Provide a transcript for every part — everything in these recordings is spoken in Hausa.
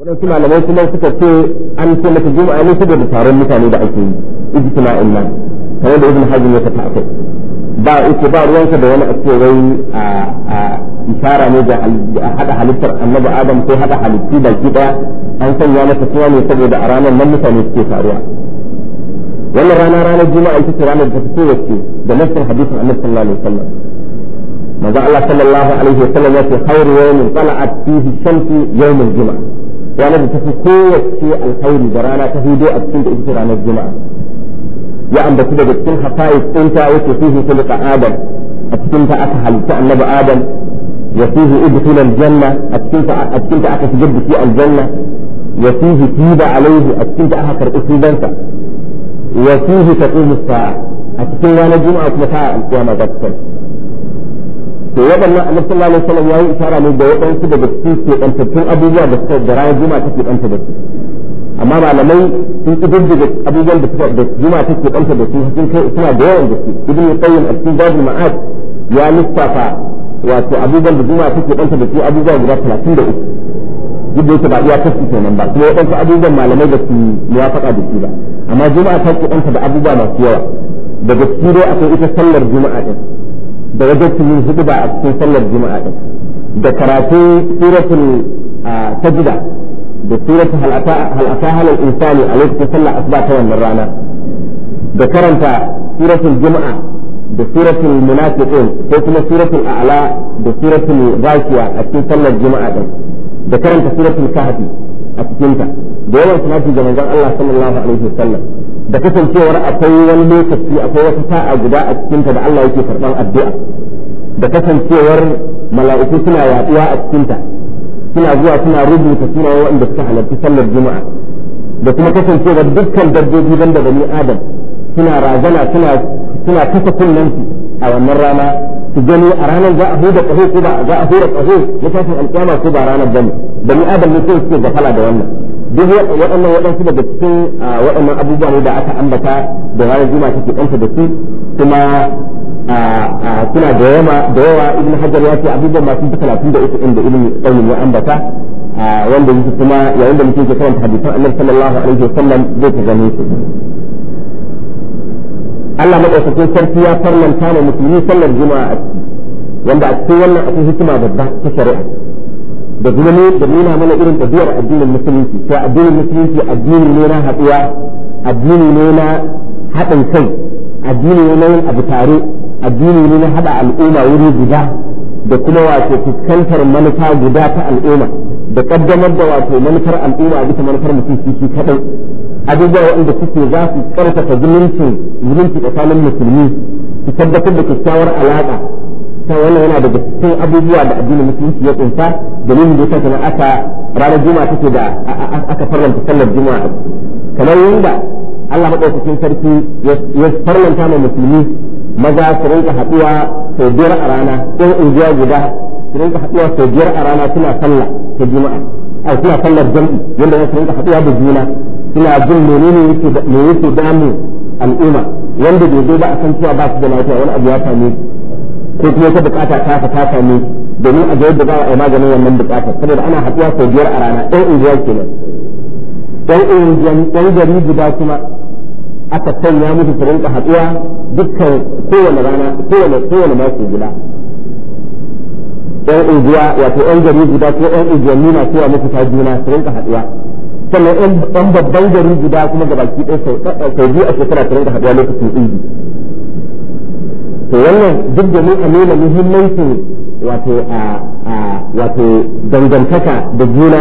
waɗansu malamai kuma suka ce an ce mata juma'a ne saboda taron mutane da ake yi ijtima'in nan kamar da ibn hajjin ya ta akai ba yake ba ruwansa da wani ake wai a isara ne da hada halittar annabi adam ko hada halittu baki daya an sanya mata suna ne saboda a ranar nan mutane suke taruwa wannan rana ranar juma'a ita ce ranar da ta fito wacce da nassar hadisin annabi sallallahu alaihi wasallam manzo Allah sallallahu alaihi wasallam ya ce khairu yawmin tala'at fihi shamsu yawmul juma'a ranar da ta fi kowace alkhairi da rana ta hudu a cikin da ita ranar juma'a ya ambaci daga cikin hafayi tsinta yake fihi kulka adam a cikin ta aka halitta annabi adam ya fihi udkhila aljanna a cikin ta a cikin ta aka shigar da shi aljanna ya fihi tiba alaihi a cikin ta aka karbi tubansa ya fihi taqumu sa'a a cikin ranar juma'a kuma sa'a alkiyama ta tsaya to waɗannan annabi sallallahu alaihi wasallam yayi isara ne da waɗansu daga cikin keɓantattun abubuwa da suka da ranar juma'a take ɗanta da su amma malamai sun ƙididdiga abubuwan da suka da juma'a take ɗanta da su sun kai suna da yawan gaske ibnu qayyim a cikin babul ma'ad ya lissafa wato abubuwan da juma'a take ɗanta da su abubuwa guda 33 duk da yake ba iya kasu kenan ba kuma waɗansu abubuwan malamai da su muwafaƙa da su ba amma juma'a ta ke ɗanta da abubuwa masu yawa daga ciki dai akwai ita sallar juma'a ɗin da wajabcin yin hudu ba a cikin sallar juma'a din da karatu suratul tajda da suratul halata halal insani a lokacin sallar asuba ta wannan rana da karanta suratul juma'a da suratul munafiqin ko kuma suratul a'la da suratul zakiya a cikin sallar juma'a din da karanta suratul kahfi a cikin ta da yawan salati ga manzon Allah sallallahu alaihi wasallam da kasancewar akwai wani lokaci akwai wasu sa'a guda a cikinta da Allah yake karɓar addu'a da kasancewar mala'iku suna yaduwa a cikinta suna zuwa suna rubuta suna waɗanda suka halarci sallar juma'a da kuma kasancewar dukkan dabbobi ban da bani adam suna razana suna suna kasa kunnen a wannan rana su gani a ranar za a huda ƙaho ko ba za a huda ƙaho na tashin alƙiyama ko ba ranar bane bani adam ne sai suke gafala da wannan duk waɗannan waɗansu daga cikin ah, waɗannan abubuwa ne da aka ambata da ranar juma take ɗansa da su kuma ah, ah, suna da yawa da yawa ibn hajar ya ce abubuwan masu fi talatin da uku inda ilmi tsayin ya ambata wanda yake kuma yayin da mutum ke karanta hadisan annabi sallallahu alaihi wasallam zai ta gane su Allah madaukakin sarki ya farlanta ma musulmi sallar juma'a a ciki wanda a cikin wannan akwai hikima babba ta shari'a da kuma ne da nuna mana irin tafiyar addinin musulunci to addinin musulunci addini ne na haɗuwa addini ne na haɗin kai addini ne na yin abu tare addini ne na haɗa al'umma wuri guda da kuma wato fuskantar manufa guda ta al'umma da kaddamar da wato manufar al'umma bisa manufar mutum shi shi kaɗai abubuwa waɗanda suke za su ƙarfafa zumuncin zumunci tsakanin musulmi su tabbatar da kyakkyawar alaƙa ta wannan yana daga cikin abubuwa da addinin musulunci ya kunsa dalilin da yasa kana aka ranar juma'a take da aka farlanta sallar juma'a kamar yanda Allah madaukakin sarki ya farlanta ma musulmi maza su rinka haduwa sau biyar a rana ɗan unguwa guda su rinka haduwa sau biyar a rana suna sallah ta juma'a a suna sallar jam'i yanda su rinka haduwa da juna suna jin menene yake me yake damu al'umma wanda bai zo ba a san cewa ba su da lafiya wani abu ya same su ko kuma ta bukata ta fa ta same domin a ga yadda za a yi maganin wannan bukata saboda ana haɗuwa sau biyar a rana ɗan unguwa kenan ɗan ɗan gari guda kuma aka sanya musu su rinka haɗuwa dukkan kowane rana kowane kowane mako guda ɗan unguwa wato ɗan gari guda ko ɗan unguwanni na cewa muku ta juna su rinka haɗuwa sannan ɗan babban gari guda kuma gabaki ɗaya sau biyu a shekara su rinka haɗuwa lokacin ɗin to wannan duk da a nuna muhimmancin wato a wato dangantaka da juna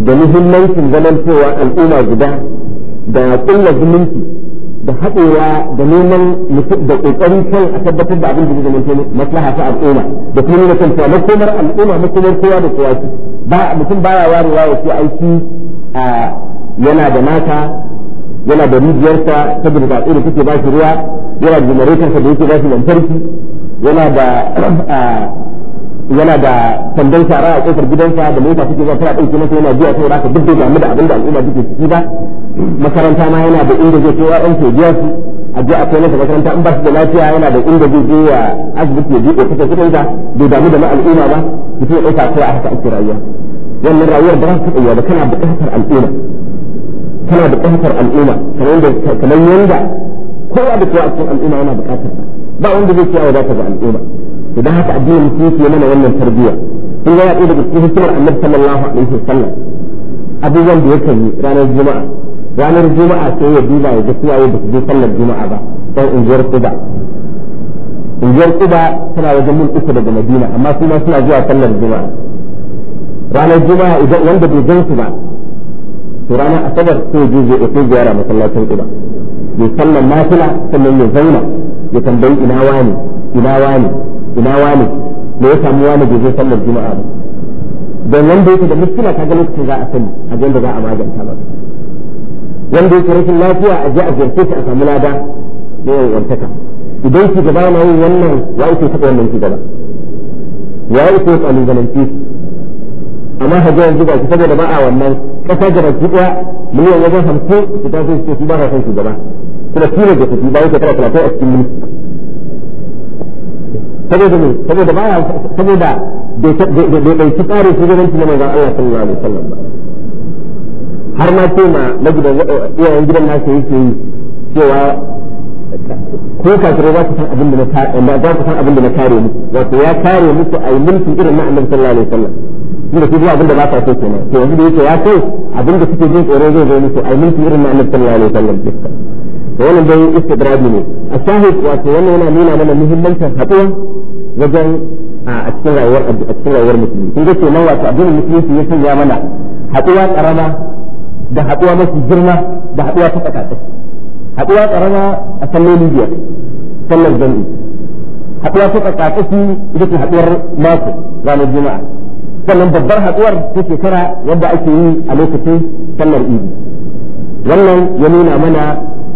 da muhimmancin zaman cewa al'umma guda da kulla zumunci da haɗewa da neman da ƙoƙarin kan a tabbatar da abin da zai zamanto maslaha ta al'umma da kuma nuna kan cewa makomar al'umma makomar kowa da kowa ba mutum baya warewa ya ce aiki yana da mata yana da rijiyarsa saboda da tsoro take ba shi ruwa yana da generatorsa da yake ba shi lantarki yana da yana da sandan shara a kofar gidansa da mota suke zuwa tana ɗauke masa yana biya saboda haka duk da damu da abin da al'umma suke ciki ba makaranta ma yana da inda zai kai ɗan ke biya su a je a kai masa makaranta in ba su da lafiya yana da inda zai je ya asibiti ya buɗe kusa kuɗin sa bai damu da al'umma ba su ke ɗauka kai a haka ake rayuwa wannan rayuwar ba za ta taɓa ba kana buƙatar al'umma tana buƙatar al'umma kamar yadda kowa da kowa a cikin al'umma yana buƙatar ba wanda zai kiyaye ba ta ga al'umma idan haka haka addinin musulunci ya mana wannan tarbiyya sun ga ɗaya daga cikin hikimar annabi sallallahu alaihi wasallam abubuwan da yakan yi ranar juma'a ranar juma'a sai ya duba ya ga kiyaye da su je sallar juma'a ba don unguwar kuda unguwar kuda tana wajen mun uku daga madina amma su ma suna zuwa sallar juma'a ranar juma'a idan wanda bai gan su ba to ranar asabar sai je zai ɗauki ziyara masallacin ƙuba ya sallan nafila sannan ya zauna ya tambayi ina wani ina wani ina wani me ya samu wani da zai sallar juma'a ba don wanda yake da muskila gani lokacin za a sani a da za a maganta ba wanda yake rashin lafiya a je a ziyarce shi a samu lada da yawan wantaka idan ki gaba na yin wannan ya ake taɓa wannan gaba ya ake tsanin zamanci amma hajji yanzu ba shi saboda ba a wannan kasa daya miliyan wajen hamsin su ta su su ba shugaba kuma da su ba yake kara a cikin mulki saboda ne saboda baya saboda bai manzon Allah sallallahu alaihi wasallam ba har ma ce ma na iyayen gidan nasa yake cewa ko kafirai za ku san abin da na za ku san abin da na kare muku wato ya kare muku a yi mulkin irin na annabi sallallahu alaihi wasallam inda su zuwa abinda ba sa so kenan to yanzu da yake ya kai abinda suke jin tsoro zai zo musu a mulki irin na annabi sallallahu alaihi wasallam to wannan dai istidradi ne a shahid wato wannan yana nuna mana muhimmancin haɗuwa wajen a cikin rayuwar a cikin rayuwar musulmi kun ga kenan wato abin musulunci ya sanya mana haɗuwa karama da haɗuwa mafi girma da haɗuwa ta tsakatsaki haɗuwa karama a salloli biyar sallar jami'i haɗuwa ta tsakatsaki ita ce haɗuwar mako ranar juma'a sannan babbar haɗuwar ta shekara yadda ake yi a lokacin sallar idi wannan ya nuna mana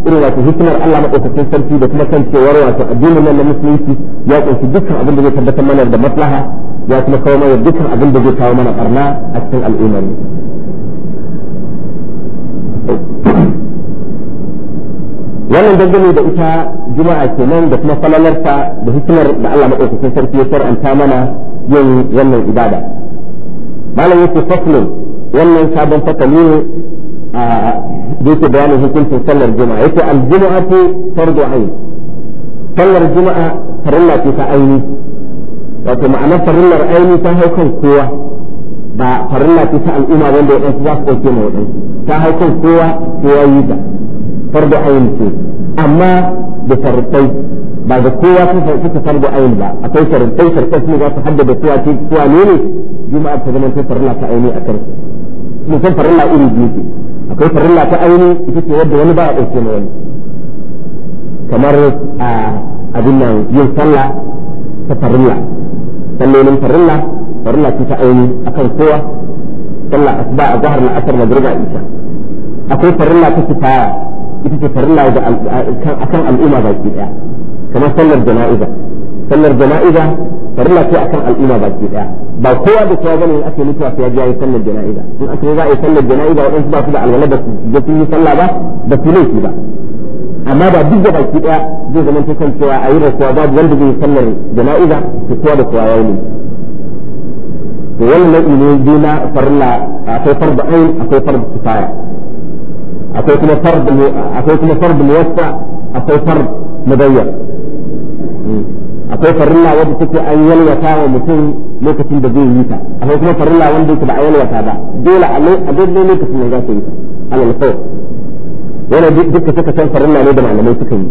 irin wato hikimar Allah maɗaukakin sarki da kuma kan cewar wato addinin nan na musulunci ya ƙunshi dukkan abin da zai tabbatar mana da maslaha ya kuma kawo mana dukkan abin da zai kawo mana barna a cikin al'ummar wannan dangane da ita juma'a kenan da kuma falalarta da hikimar da Allah maɗaukakin sarki ya faranta mana yin wannan ibada malam yake faslin wannan sabon fasali ne a yake bayanin hukuncin sallar juma'a yake aljuma'atu fardu ayn sallar juma'a farilla ce ta aini wato ma'anar farillar aini ta hau kan kowa ba farilla ce ta al'umma wanda ya za su ɗauke ma waɗansu ta hau kan kowa kowa yi ta fardu ayn ce amma da farfai ba ga kowa suka fargo ayin ba akwai kai sharuɗai ne za su haddada kowa ce kowa ne ne juma'a ta zama kai farilla ta aini a kan mu san farilla iri biyu ce akwai farilla ta aini ita ce wadda wani ba a ɗauke na wani kamar a abin nan yin sallah ta farilla sallolin farilla farilla ce ta aini akan kowa sallah asuba a zahar na asar na magriba isa akwai farilla ta sifaya ita ce farilla da akan al'umma baki ɗaya kamar sallar jana'iza sallar jana'iza farilla ce akan al'umma baki daya ba kowa da kowa bane ake mutuwa sai ya yi sallar jana'iza in aka za a yi sallar jana'iza wadansu ba su da alwala ba su je sun yi sallah ba ba su laifi ba amma ba duk da baki daya zai zama ta cewa a yi rasuwa babu wanda zai yi sallar jana'iza to kowa da kowa yayi to wani nau'i ne biyu na farilla akwai farda ain akwai farda kifaya akwai kuma farda akwai kuma farda muwassa akwai farda mudayyar akwai farilla wadda take an yalwata wa mutum lokacin da zai yi ta akwai kuma farilla wanda yake ba a yalwata ba dole a daidai lokacin da za ta yi ta alal kawai yana duka suka san farilla ne da malamai suka yi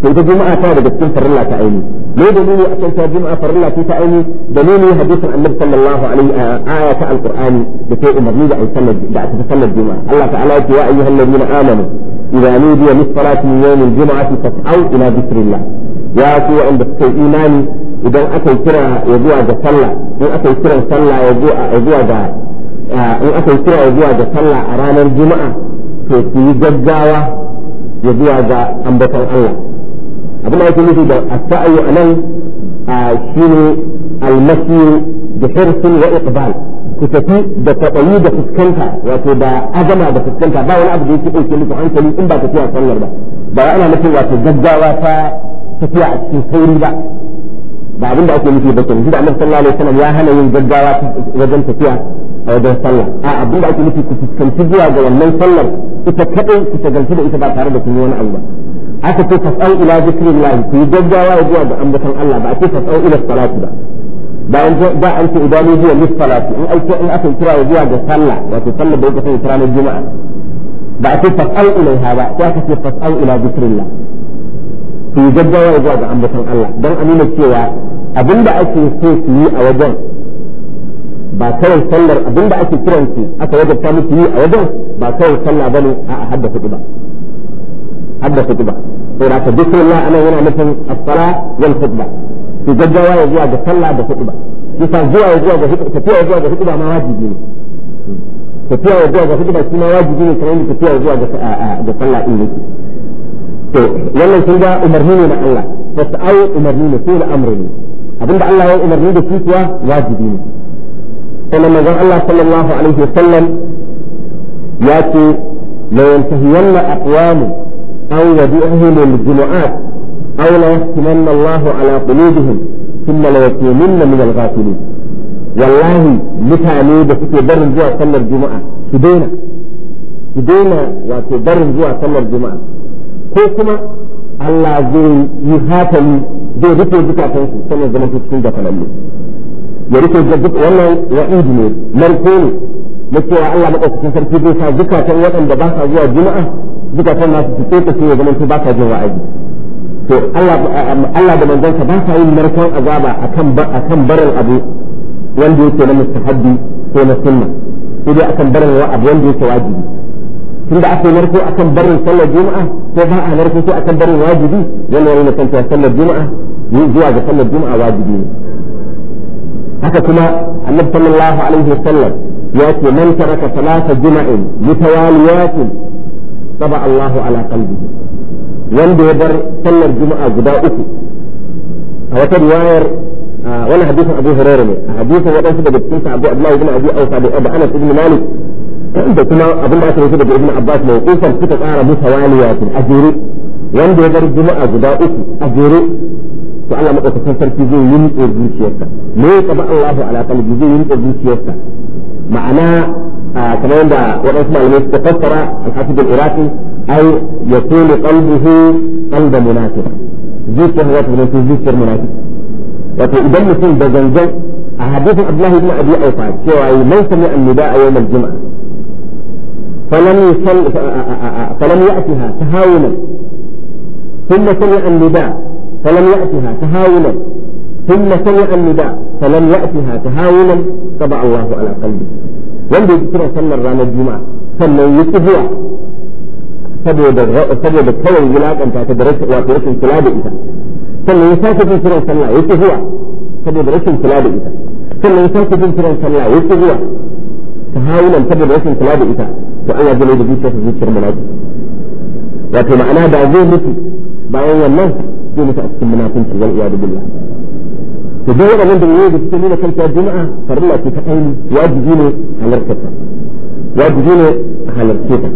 to ita juma'a ta daga cikin farilla ta aini ne dalili a can ta juma'a farilla ce ta aini da dalili hadisin annabi sallallahu alaihi aya ta alqur'ani da ke umarni da sallar da aka sallar juma'a Allah ta'ala ya ce ya ayyuhallazina amanu idza nudiya lis-salati min yawmil jum'ati fas'au ila dhikrillah ya ku wa'anda suka yi imani idan aka kira ya zuwa ga sallah in aka yi sallah ya zuwa ga in aka yi kira ya zuwa ga sallah a ranar juma'a to ku yi gaggawa ya zuwa ga ambaton Allah abin da yake nufi da as anan anan shine al-masir da hirsin wa iqbal ku tafi da tabayi da fuskanta wato da azama da fuskanta ba wani abu da yake dauke muku hankali in ba ka tafiya sallar ba ba ana nufin wato gaggawa ta tafiya a cikin sauri ba ba abin da ake nufi ba ke da Allah sallallahu alaihi wasallam ya hana yin gaggawa wajen tafiya a wajen sallah a abin da ake nufi ku fuskanci zuwa ga wannan sallar ita kadai ku tagalci da ita ba tare da kun yi wani abu ba aka ce fasau ila zikrillah ku yi gaggawa zuwa ga ambaton Allah ba a ce fasau ila salati ba bayan da an ce idan ne zuwa lis in aka in aka kira zuwa ga sallah wato sallar da yake sai kira na juma'a ba a ce fasau ha ba ko aka ce fasau ila zikrillah su yi gaggawa zuwa ga ambaton Allah don a nuna cewa abinda ake so su yi a wajen ba kawai sallar abinda ake kiran su aka wajabta musu yi a wajen ba kawai sallah bane a hadda kuɗi ba hadda kuɗi ba to da ka dukkan Allah anan yana nufin as-sala wal khutba su gaggawa ya zuwa ga sallah da kuɗi ba kisa zuwa ya zuwa ga tafiya zuwa ga kuɗi ba ma wajibi ne tafiya zuwa ga kuɗi ba shi ma wajibi ne kamar tafiya zuwa ga sallah din yake to wannan sun ga umarni ne na Allah fasta'u umarni ne ko al'amri abinda Allah ya umarni da shi kuwa wajibi ne sannan manzon Allah sallallahu alaihi wasallam ya ce la yantahiyanna aqwamu aw yad'uhum al-jumu'at aw la yahtimanna Allah ala qulubihim ثم لا يكونن من الغافلين والله متعني بسكي برن جوا صلى الجمعة سدينا سدينا وكي barin zuwa sallar الجمعة ko kuma Allah zai yi hatali zai rufe zukatan su sannan zama cikin gafalallu ya rufe duk wannan wa'idi ne narko ne na cewa Allah maɗaukakin sarki zai sa zukatan waɗanda ba sa zuwa juma'a zukatan nasu su tsoka su ya zama su ba sa jin wa'azi to Allah da manzansa ba sa yin narkon azaba kan barin abu wanda yake na mustahabbi ko na sunna sai dai akan barin abu wanda yake wajibi tunda aka yi narko akan barin sallar juma'a ko ba a narko ko akan barin wajibi yana nuna kan cewa sallar juma'a yin zuwa ga sallar juma'a wajibi ne haka kuma annabi sallallahu alaihi wasallam ya ce man taraka salata juma'in mutawaliyatin taba Allahu ala qalbihi wanda ya bar sallar juma'a guda uku a wata riwayar wani hadisin Abu Hurairah ne a hadisin wadansu daga cikin abu abdullahi ibn abu Awfa da Anas ibn Malik da kuma abin da aka yi daga ibn abbas mai kusan suka tsara musa waliya a ajiri wanda ya bar juma'a guda uku a jere to Allah madaukakin sarki zai yi nutse zuciyarsa me ya taba Allahu ala qalbi zai yi nutse zuciyarsa ma'ana kamar yadda waɗansu malamai suka fassara al-hafiz al-iraqi ay yakunu qalbuhu qalba munafiq zuciyar za ta zama zuciyar munafiq wato idan mutum da zanzan a hadisin Abdullahi ibn Abi Aufa cewa man sami an-nida'a yawm al-jum'ah فلم يصل فلم يأتها تهاونا ثم سمع النداء فلم يأتها تهاونا ثم سمع النداء فلم يأتها تهاونا طبع الله على قلبه وندي ترى سمى الرانا الجمعة سمى يتبوع سبب سبب التوي جلاد أن تدرس وتدرس الكلاب إذا سمى يساك في ترى سمى يتبوع سبب درس الكلاب إذا سمى يساك في ترى سمى يتبوع تهاونا سبب درس الكلاب إذا to Allah zai da zuciyarsa zuciyar munafiki wato ma'ana da zai mutu bayan wannan zai mutu a cikin munafinci wal iyadu billah to duk waɗannan da ne da suke nuna kanta juma'a farilla ce ta aini wajibi ne halartarta wajibi ne halarce ta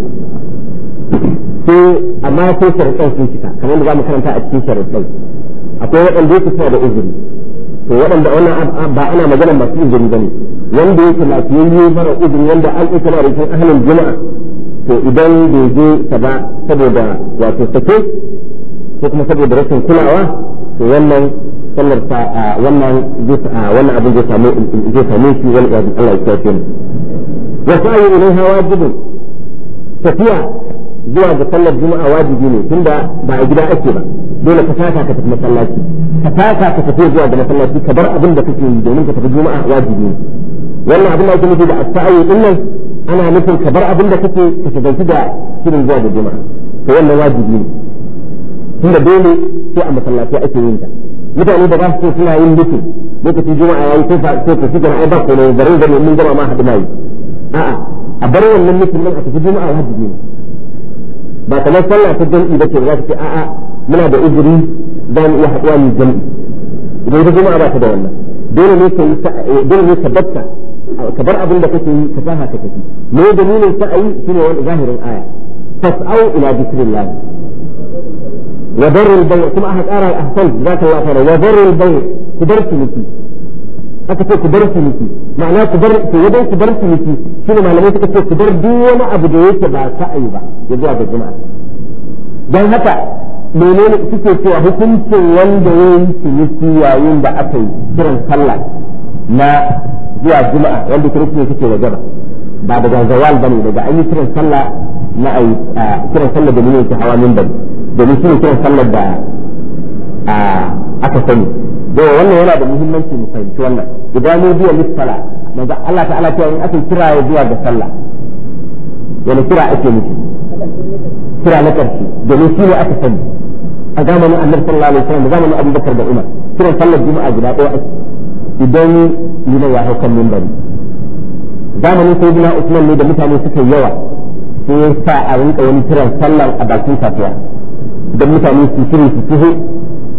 sai amma sai sharuɗan sun cika kamar da za mu karanta a cikin sharuɗan akwai waɗanda yake suna da izini to waɗanda wannan ba ana magana masu izini ba ne wanda yake lafiyayye mara uzuri wanda an isa da rikin ahalin juma'a to idan bai je ta ba saboda wato sake ko kuma saboda rashin kulawa to wannan sallar ta wannan wannan abin zai samu zai samu shi wani iyad Allah ya kace mu wa sa'i hawa wajibun tafiya zuwa ga sallar juma'a wajibi ne tunda ba a gida ake ba dole ka taka ka tafi masallaci ka taka ka tafi zuwa ga masallaci ka bar abin da kake yi domin ka tafi juma'a wajibi ne wannan abin da ake nufi da asta'ayi din nan ana nufin ka bar abin da kake ka shiganci da shirin zuwa da juma'a to wannan wajibi ne tunda dole sai a masallaci ake yin ta mutane da ba su suna yin nufin lokacin juma'a ya yi fa ko ko shiga ai ba ko ne garin garin mun gama ma haɗu mai a'a a bar wannan nufin nan a tafi juma'a wajibi ne ba kamar sallah ta jami'i ba ce za ta ce a'a muna da uzuri za mu iya haɗuwa mu jami'i idan ta juma'a ba ta da wannan dole ne ka eh, dole ne ka datta ka bar abin da kake yi ka tafa ka tafi me dalilin ayi shine wani zahirin aya fas'au ila dhikrillah wa darrul bay' kuma aka ƙara ahsan jazakallahu fara wa darrul bay' ku bar ciniki aka ce ku bar ciniki ma'ana ku bar ku wajen ku bar ciniki shine malamai suka ce ku bar duk wani abu da yake ba sa'ayi ba ya zuwa ga juma'a dan haka menene suke cewa hukuncin wanda ya yi ciniki yayin da aka yi kiran sallah na zuwa juma'a wanda kiristoci suke da gaba ba daga zawal bane daga an yi kiran sallah na a kiran sallah da ne yake hawa min minbar domin shi kiran sallah da aka sani da wannan yana da muhimmanci mu fahimci wannan idan ne biya lissala maza Allah ta'ala ta yi akan kira ya zuwa ga sallah yana kira ake nufi kira na ƙarshe domin shi ne aka sani a zamanin annabi sallallahu alaihi wasallam zamanin abubakar da umar kiran sallar juma'a guda ɗaya idan liman ya hau kan mimbari zamanin sai gina usman ne da mutane suka yi yawa sai ya sa a rinka wani kiran sallar a bakin safiya don mutane su shiri su tuhu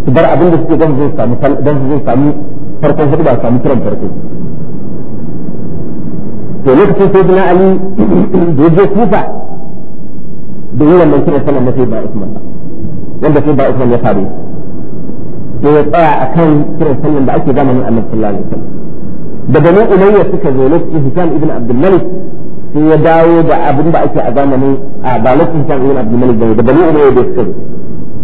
su bar abin da suke don su samu samu farkon hudu ba samu kiran farko to lokacin sai gina ali da ya je kufa da yi wannan kiran sallar na sai ba usman ba wanda sai ba usman ya faru sai ya tsaya a kan kiran sallan da ake zamanin annabi sallallahu alaihi wasallam da bani umayya suka zo lokacin hisham ibn abdul malik sai ya dawo da abin da ake a zamanin a ba lokacin hisham ibn abdul malik bane da bani umayya da suka zo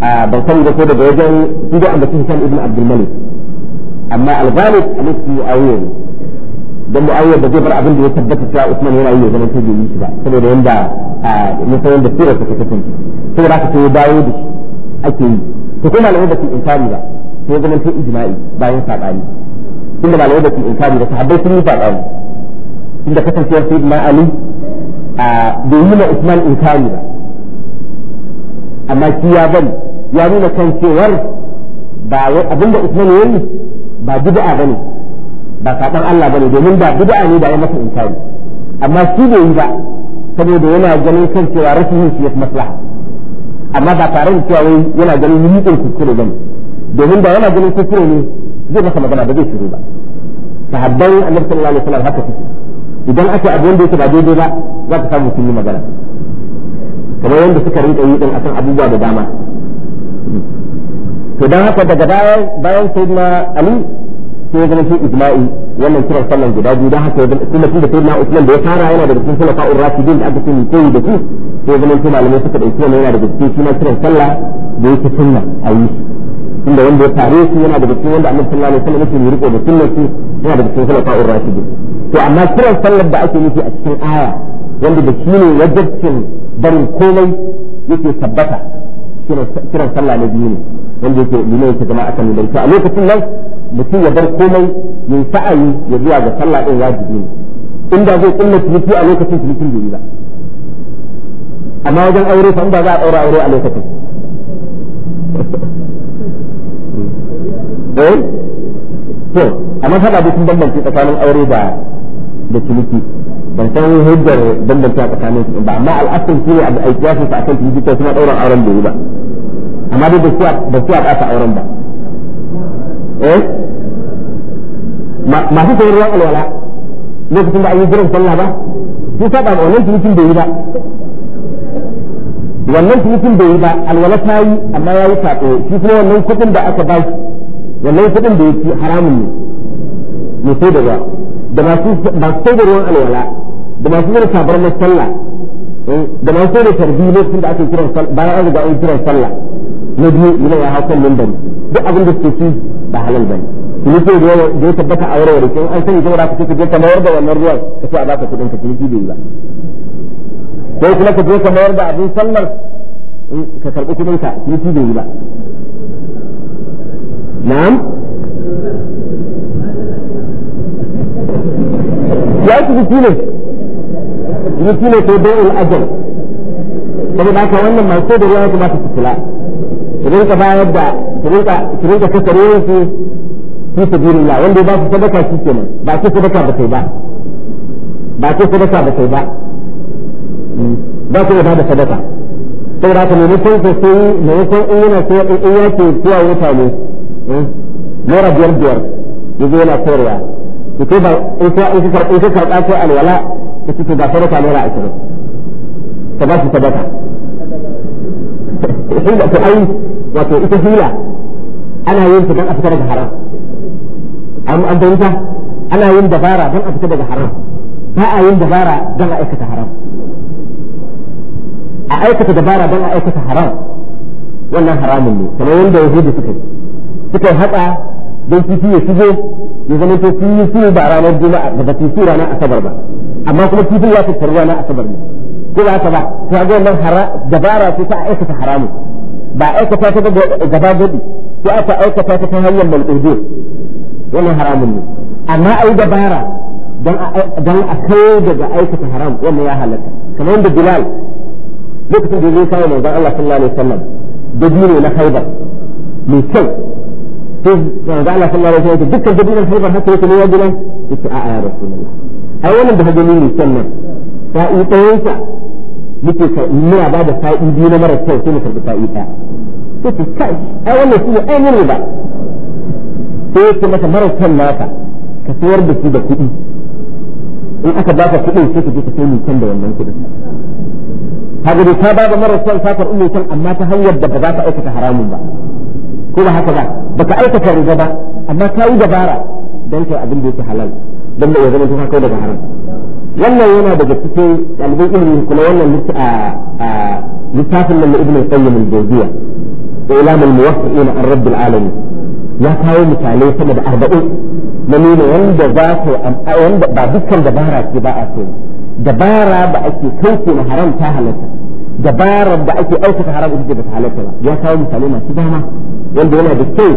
a ban san da ko daga wajen shi da ambaci hisham ibn abdul malik amma al-ghalib alaihi muawiya ne dan muawiya ba zai bar abin da ya tabbata cewa usman yana yi ya zama tabi shi ba saboda yanda musan yanda sirar ta kasance sai da sai ya dawo da shi ake yi to kuma malamai ba su inkari ba sai ya zama ta ijma'i bayan sabani inda malamai da su inkari da sahabbai sun yi fadani inda kasancewar sayyidina ali a bai yi na usman inkari ba amma shi ya bari ya nuna kan cewar ba abinda usman ya yi ba bid'a bane ba saban Allah bane domin ba bid'a ne da ya masa inkari amma shi bai yi ba saboda yana ganin kan cewa rashin yin shi yafi maslaha amma ba tare da cewa yana ganin yi kuskure bane domin da yana ganin kuskure ne zai masa magana da zai shiru ba sahabban annabi sallallahu alaihi wasallam haka suke idan aka abu wanda yake ba daidai ba za ka samu sun yi magana kamar yadda suka rinka yi din akan abubuwa da dama to dan haka daga bayan bayan sayyidina ali sai ya zama shi ijma'i wannan kiran sallan guda biyu dan haka kuma tunda sayyidina usman da ya fara yana daga cikin khulafa'ur rashidin da aka ce ni koyi da su sai zama shi malamai suka dauki wannan yana daga cikin shi ma kiran sallah da yake sunna a yi shi tunda wanda ya fare su yana daga cikin wanda annabi sallallahu alaihi wasallam yake riko da sunnar su yana da cikin khulafa'ur rashidin to amma kiran sallar da ake nufi a cikin aya wanda da shine wajibcin barin komai yake tabbata kiran sallah na biyu ne wanda yake limai yake zama akan limai to a lokacin nan mutum ya bar komai yin sa'ayi ya zuwa ga sallah din wajibi ne inda zai kuma ciniki a lokacin cinikin bai yi ba amma wajen aure fa ba za a daura aure a lokacin eh to a mazhaba dai sun bambance tsakanin aure da da ciniki ban san hujjar bambanta tsakanin su ba amma al'asul shi ne a kiyasin sa akan ciniki ko kuma ɗaurin auren da yi ba amma dai ba su a ƙasa auren ba eh masu sayin ruwan alwala lokacin da an yi jiran sallah ba sun saɓa ma wannan cinikin bai yi ba wannan cinikin bai yi ba alwala ta yi amma ya yi saɓo shi kuma wannan kuɗin da aka ba shi wannan kuɗin da ya ci haramun ne mai sai da ruwa da masu sai da ruwan alwala da masu yin sabar na sallah eh, da masu sai da tarbi lokacin da ake kiran sallah bayan an riga an kiran sallah na biyu ina ya hakan min bari duk abin da suke ci ba halal bane ciniki da da ya tabbata a warware kin an sani saboda ka ce ka mayar da wannan ruwan ka ce a baka kudin ka ciniki bai ba ko kuma ka je ka mayar da abin sallar eh, ka karbi kudin ka ciniki bai ba na'am ya shi jiki ne jiki ne ko da'ul ajal saboda haka wannan mai sai da ruwa ya kamata su kula ka bayar da su rinka su rinka su fi sabilillah wanda ba su sadaka shi kenan ba ce sadaka ba kai ba ba ce sadaka ba kai ba ba ku ba da sadaka saboda haka maimakon ka sai maimakon in yana sai in yake zuwa mutane eh, naira biyar biyar yanzu yana sayarwa to ba in ka in ka in ka karɓa ko alwala ka ce ba sadaka naira ashirin ka ba shi sadaka inda to ai wato ita hila ana yin ta don a fita daga haram an an fahimta ana yin dabara don a fita daga haram ba a yin dabara don a aikata haram a aikata dabara don a aikata haram wannan haramun ne kamar yadda yahudi suka yi suka haɗa don titi ya shigo ya zama to sun yi su ba ranar juma'a da ba su ranar asabar ba amma kuma titi ya fi fitar ranar asabar ne ko ba ta ba to ga wannan dabara ce ta aikata haramu ba aikata ta gaba gadi ko aka aikata ta ta hanyar malƙudur wannan haramun ne amma ai dabara don a kai daga aikata haram wannan ya halatta kamar yadda Bilal lokacin da zai kawo manzon Allah sallallahu alaihi wasallam da dino na Khaibar mai kyau sai manzo Allah sallallahu alaihi wasallam dukkan dabinan haibar haka yake ne a'a ya rasulullah ai wannan da hajjani ne sannan sa'i ɗayansa muke muna ba da sa'i biyu na mara kyau sai mu karɓi sa'i ɗaya yace kai wannan masa mara ka sayar da da kuɗi in aka baka kuɗin sai ka je ka sai mai kyan da wannan kuɗin kaga dai ta ba da mara kyan amma ta hanyar da ba za ta aikata haramun ba ko ba haka ba baka aikata riba ba amma ka yi dabara don kai abin da yake halal don da ya zama tuka kai daga haram wannan yana daga cikin ɗaliban ilimi kuma wannan littafin nan na ibn al-qayyim al-jawziyya ilam al-muwaffiqin an rabbil alamin ya kawo misalai sama da 40 na nuna wanda za ka wanda ba dukkan dabara ce ba a so dabara da ake kauce na haram ta halatta dabara da ake aikata haram ita ba ta halatta ba ya kawo misalai masu dama wanda yana da kyau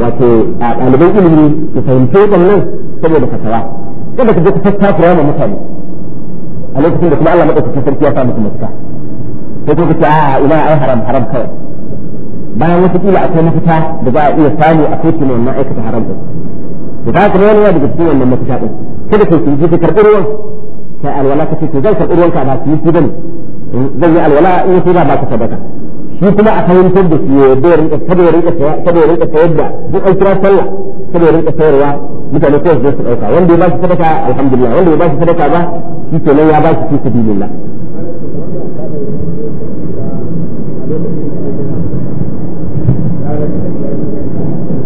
wato a ɗaliban ilimi su fahimce wannan saboda fatawa kada ka je ka tattakura ma mutane a lokacin da kuma Allah madaukakin sarki ya sa muku mafita sai kuma kace a ina ai haram haram kawai bayan wata kila akwai mafita da za a iya samu a kai ne wannan aikata haram din da ka kuma wani daga cikin wannan mafita din kada kai kin je ka karɓi ruwan sai alwala kace to zan karɓi ruwan ka ba su yi bane zan yi alwala in sai ba ka tabbata shi kuma a fahimtar da shi ya da rinka kada ya rinka kada ya rinka sayar da duk an kira sallah kada ya rinka sayarwa mutane ko su dauka wanda ya ba shi sadaka alhamdulillah wanda ya ba shi sadaka ba shi kenan ya ba shi fi sabilillah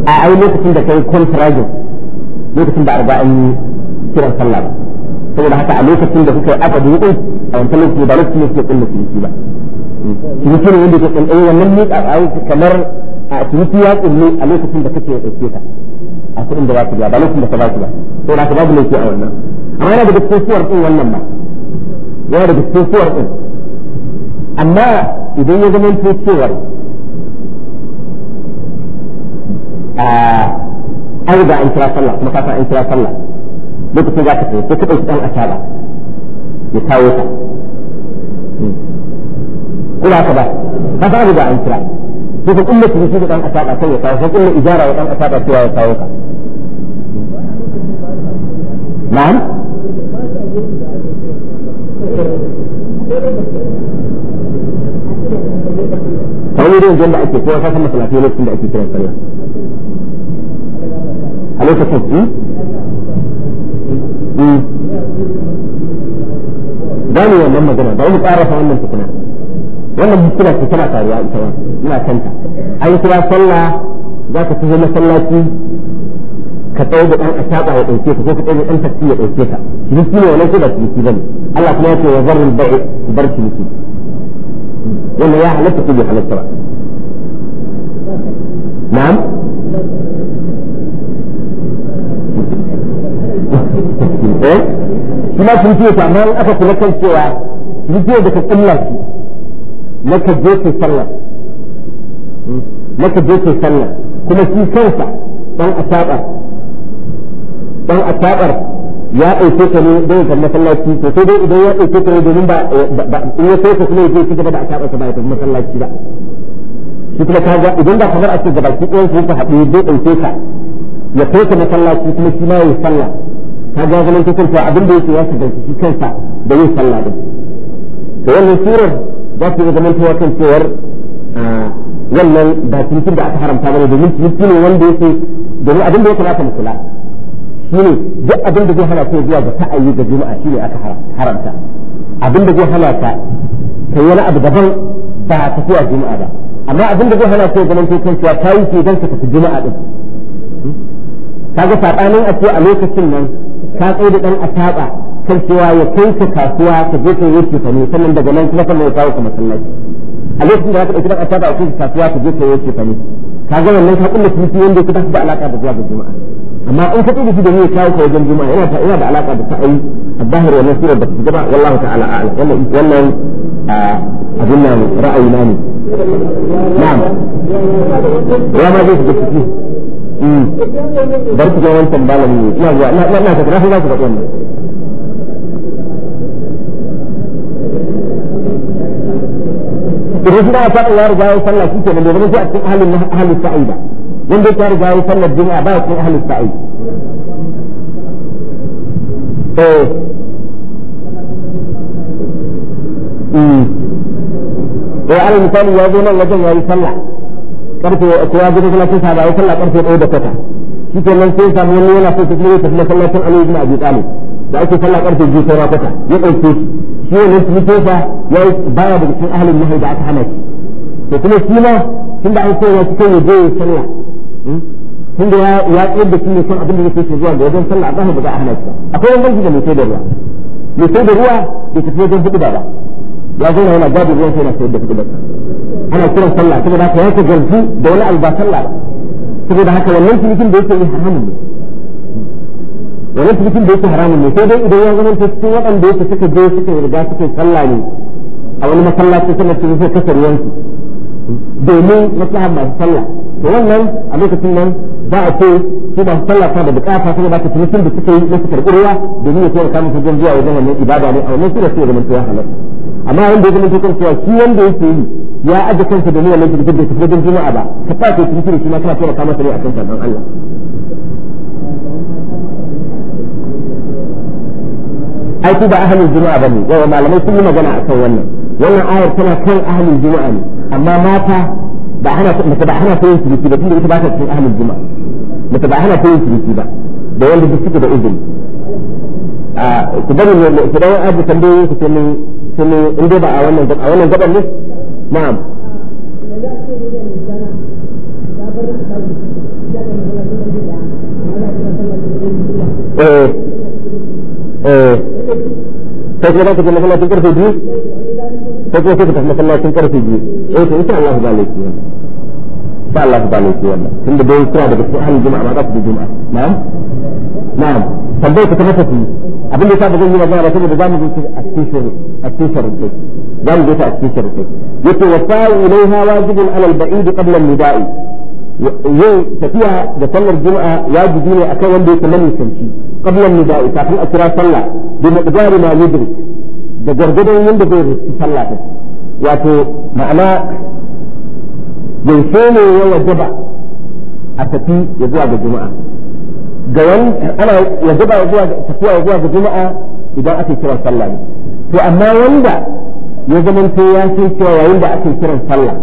a ai lokacin da kai kontrajin lokacin da yi kiran sallah ba saboda haka a lokacin da kuka yi aka dubu a wancan lokacin ba lokacin da kuke kullu ba mutum wanda ke tsalle wannan ne tsatsawo kamar a ciniki ya tsalle a lokacin da kake ya ɗauke ta a kuɗin da za ku biya ba lokacin da ka ba ku ba to da ka babu laifi a wannan amma yana daga cikin suwar ɗin wannan ba yana daga cikin suwar ɗin amma idan ya zama to cewar an riga an kira sallah kuma ka san an kira sallah lokacin za ka tsaye sai ka ɗauki ɗan asaba ya kawo ta da ka ba ka sa da an kira to ka kulle ki shi dan asaba kai ya kawo ka kulle ijara ya dan asaba cewa ya kawo ka na'am kawai dai yanda ake kowa ka san masalati lokacin da ake kiran sallah a lokacin ba ne wannan magana ba mu ƙarasa wannan tukuna wannan muskila ce tana faruwa ita wa ina kanta ai kira sallah za ka tafi masallaci ka tsaye da ɗan ataba ya ɗauke ka ko ka tsaye da ɗan taksi ya ɗauke ka shi ne wannan ko ba ciniki ba ne Allah kuma ya wa zarrul bai ku bar ciniki wannan ya halatta ko halatta ba na'am eh kuma ciniki ta amma aka kula kan cewa ne da ka kullaci maka kabbatar sallah maka kabbatar sallah kuma shi kansa dan asabar dan asabar ya aike ka ne don ka masallaci to sai dai idan ya aike ka ne domin ba eh, in ya sai ka kuma ya ci gaba da asabar ka ba ya tafi masallaci ba shi kuma ka ga idan ba kamar a ce gaba ki ɗayan ku ka haɗu zai aike ka ya kai ka masallaci kuma shi ma ya sallah ka ga ganin ta kanta abin da yake ya shiga shi kansa da yin sallah din to wannan surar za su iya zamantowa kan cewar wannan ba cinikin da aka haramta bane domin ciniki ne wanda yake domin abin da ya kamata mu kula shine duk abin da zai hana ka zuwa ga ta'ayi ga juma'a shine aka haramta abin da zai hana ka kai wani abu daban ba tafiya juma'a ba amma abin da zai hana ka zamanto kan cewa kayi ke dan ka tafi juma'a din hmm? kaga sabanin a ce a lokacin nan ka tsaye da dan asaba kan cewa ya kai ka kasuwa ka je ka yi ne sannan daga nan kuma sannan ya kawo ka masallaci a lokacin da za ka ɗauki ɗan asaba a kai kasuwa ka je ka yi ne ka ga wannan ka kulle ciniki wanda yake su da alaƙa da zuwa juma'a amma in ka tsaye da ne kawo ka wajen juma'a yana ina da alaƙa da ta'ayi الظاهر wannan sura da ta gaba wallahu ta'ala a'lam wannan wannan abin nan ra'ayi na ne na'am ya ma zai shiga ciki bar ku ga wancan malamin ne ina zuwa ina ina ta kana sai ku ga wannan idan da ya faɗi ya riga sallah shi ke nan domin shi a cikin ahalin ahalin sa'i dan da ya riga ya sallar juma'a ba a cikin ahalin sa'i eh hmm. eh alal misali ya zo nan wajen ya yi sallah karfe ko ya zo kuma sai saba ya sallah karfe 1 da kwata shi ke nan sai samu wani yana so su je ta masallacin Ali ibn Abi Talib da ake sallah karfe 2 sai kwata ya dauke shi shi wannan silifofa ya yi baya daga cikin ahalin nahai da aka hana shi to kuma shi ma tun da an koya shi kai hmm? ya je ya sallah tun da ya tsayar da shi ne kan abin da yake zuwa ga wajen sallah a ba za a hana shi akwai wani banki da mai sai da ruwa mai sai da ruwa da tafi wajen hudu ba ya zo yana gadi ruwan sai yana sayar da hudu ba ana kiran sallah saboda haka ya ka garzu da wani alba sallah saboda haka wannan cinikin da yake yi haramun ne wannan cinikin da yake haramun ne sai dai idan ya zama cikin waɗanda yake suka je suka riga suka sallah ne a wani masallaci suna cikin sai kasar yanki domin maslahar masu sallah to wannan a lokacin nan ba a ce su masu sallah ta da bukata kuma ba ta cinikin da suka yi na su ruwa domin ya taimaka kamun sujan zuwa wajen wannan ibada ne a wannan sura sai ya zama cewa halal amma wanda ya zama cikin cewa shi wanda yake yi ya aje kansa domin wannan cinikin da su wajen juma'a ba ka ba ta cinikin shi ma kana taimaka masa ne a kan sabon Allah ai ku ba ahlul juma'a bane yawa malamai sun yi magana akan wannan wannan ayar tana kan ahlul juma'a ne amma mata ba hana mace ba hana koyin ciniki ba tunda ita ba ta cikin ahlul juma'a mace ba hana koyin ciniki ba da wanda duk suke da izini a ku bari ne ku dawo aji tambayoyin ku sai mun sai mun in dai ba a wannan a wannan gaban ne na'am eh eh kai kuma za ka je masallacin karfe biyu kai kuma ka tafi masallacin karfe biyu eh to insha Allah ba laifi wannan insha Allah ba laifi wannan tunda dai suna daga cikin juma'a ba za su juma'a na'am na'am tambayar ka ta mata abin da ya saba zan yi magana ba saboda zamu zo a cikin shirin a cikin shirin kai zamu zo alal ba'id qabla an yau tafiya da sallar juma'a wajibi ne akan wanda yake manisanci قبل النداء كافي أكرا صلى بمقدار ما يدرك da gargadon yadda zai riski sallah din wato ma'ana yaushe ne ya wajaba a tafi ya zuwa ga juma'a ga wani ana wajaba ya zuwa tafiya ya zuwa ga juma'a idan ake kiran sallah ne to amma wanda ya zamanto ya ce cewa yayin da ake kiran sallah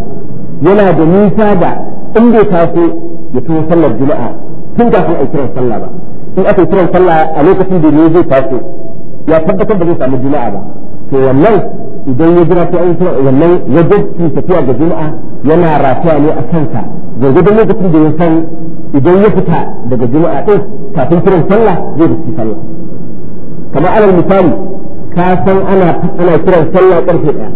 yana da nisa da in bai taso ya tuwo sallar juma'a tun kafin a kiran sallah ba in aka yi kiran sallah a lokacin da ne zai taso ya tabbatar da zai samu juma'a ba to wannan idan ya jira sai an kira wannan wajibci tafiya ga juma'a yana rafiya ne a kanka gwargwadon lokacin da ya san idan ya fita daga juma'a din kafin kiran sallah zai riski sallah kamar alal misali ka san ana ana kiran sallah karfe daya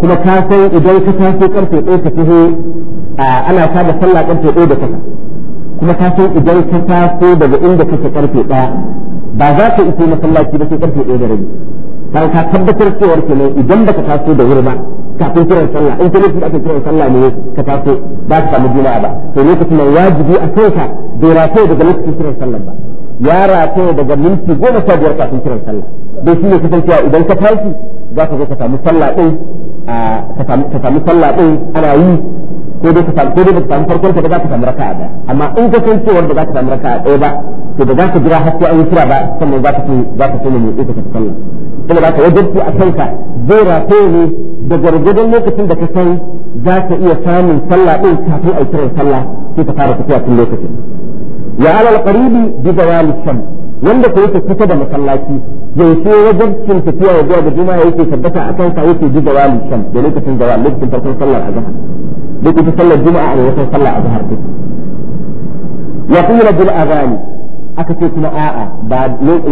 kuma ka san idan ka taso karfe daya ka taho ana saba sallah karfe daya da kasa kuma ka idan ka taso daga inda kake karfe daya ba za ka iso masallaci ba sai karfe daya da rabi kan ka tabbatar cewa kenan idan baka taso da wuri ba kafin kiran sallah in kuma ake kiran sallah ne ka taso ba ka samu juna ba to lokacin nan wajibi a kanka bai rataye daga lokacin kiran sallah ba ya rataye daga minti goma sha biyar kafin kiran sallah dai shi ne kasancewa idan ka tashi za ka zo ka samu sallah din ka samu sallah din ana yi ko dai ka samu ko dai ka samu farkon ka ba za ka samu raka'a ba amma in ka san cewa ba za ka samu raka'a ɗaya ba to ba za ka jira har sai an kira ba sannan za ka ci za ka tuna motsi ka tafi sallah kuma za ka wajabci a kanka zai rataye ne da gwargwadon lokacin da ka san za ka iya samun sallah din kafin a kiran sallah sai ka fara tafiya tun lokacin ya alal qaribi bi zawali sham wanda ko yake kusa da masallaci yaushe cin tafiya ya zuwa da juma'a yake tabbata a kansa yake bi zawali sham da lokacin zawali lokacin farkon sallar azhar duk ita sallar juma'a a wajen sallar azhar duk ya qila bil adhani aka ce kuma a'a ba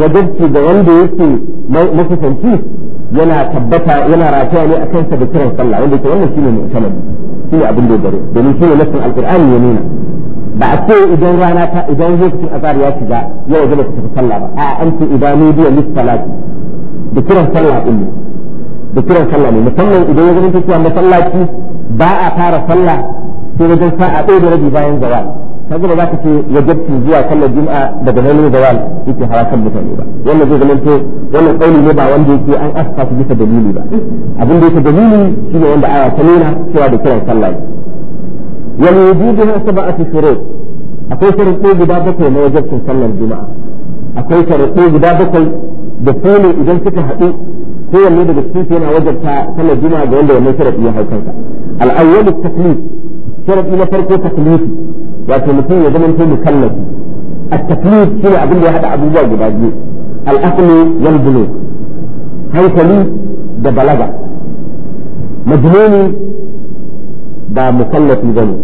wajibci da wanda yake mafisanci yana tabbata yana rataya ne akan sa da kiran sallah wanda yake wannan shine mu'tamadi shine abin da dare domin shine nassin alqur'ani ya nuna ba a ce idan rana ta idan lokacin azhar ya shiga yau da ka tafi sallah ba a'a an ce idan ne biya lis salati da kiran sallah din da kiran sallah ne musamman idan ya zama cewa masallaci ba a fara sallah sai wajen sa'a ɗaya da rabi bayan zawal kaga ba za ka ce wajabcin zuwa sallar juma'a daga hannun zawal yake harakan mutane ba wannan zai zama to wannan kauli ne ba wanda yake an asfa su bisa dalili ba abin da yake dalili shine wanda aya ta nuna cewa da kiran sallah ne wal wujuduha sab'atu shurut akwai sharuɗi guda bakwai na wajabcin sallar juma'a akwai sharuɗi guda bakwai da su ne idan suka haɗu kowanne daga cikin yana wajabta sallar juma'a ga wanda wannan sharadi ya haifar ka al-awwal at-taklif sharadi na farko taklifi wato mutum ya zama to mukallafi at-taklif shine abin da ya hada abubuwa guda biyu al-aqlu wal bulugh hankali da balaga majnuni ba mukallafi bane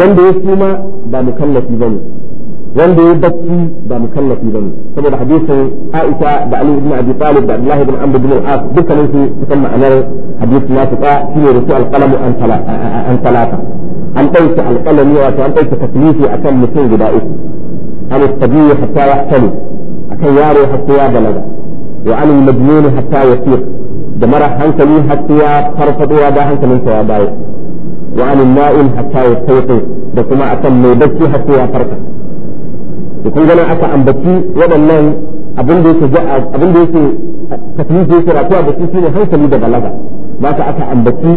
wanda ya suma ba mukallafi bane wanda ya bacci ba mukallafi bane saboda hadisin Aisha da Ali ibn Abi Talib da Abdullah ibn Amr ibn al-As dukkanin su kusan ma'anar hadisin na ka shine rufu al-qalamu an talata an talata an dauke al-qalami wato an dauke taklifi akan mutum guda uku an tabi'i hatta yahtalu akan yaro hatta ya balaga wa an al-majnun hatta yasir da mara hankali hatta ya farfado ya da hankalinsa ya dawo wa an al-na'im hatta yastayqi da kuma akan mai bacci hatta ya farka da kun gana aka ambaci waɗannan abin da yake abin da yake tafiye yake rakuwa da shi ne hankali da balaga ba ka aka ambaci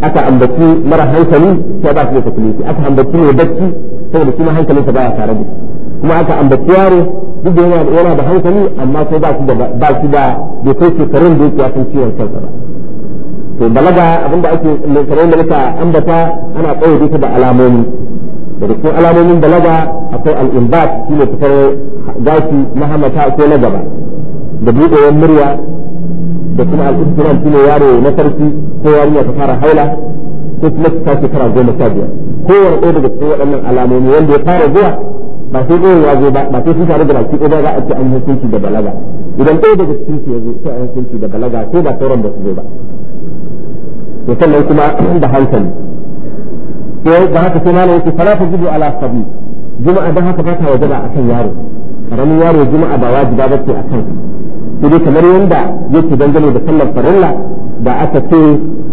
aka ambaci mara hankali sai ba su da tafiye aka ambaci mai bacci saboda shi ma hankalinsa baya tare da kuma aka ambaci yaro duk da yana da hankali amma sai ba su da ba da bai kai shekarun da yake ya san ciwon kansa ba to balaga abin da ake kamar da ambata ana tsaye da alamomi daga cikin alamomin balaga akwai al'imbat shi ne fitar gashi na hamata ko na gaba da buɗewar murya da kuma al'istiran shi ne yaro na sarki ko yarinya ta fara haila ko kuma ta shekara goma sha biyar kowane ɗaya daga cikin waɗannan alamomi wanda ya fara zuwa ba sai ɗaya ya zo ba ba sai sun tare da baki ɗaya za a ce an hukunci da balaga idan ɗaya daga cikin su ya zo sai an hukunci da balaga sai ba sauran ba su zo ba to sannan kuma da hankali ko ba haka sai malam yake fala ta gudu ala sabi juma'a dan haka ba ta wajaba akan yaro karamin yaro juma'a ba wajiba bace akan sai dai kamar yanda yake dangane da sallar farilla da aka ce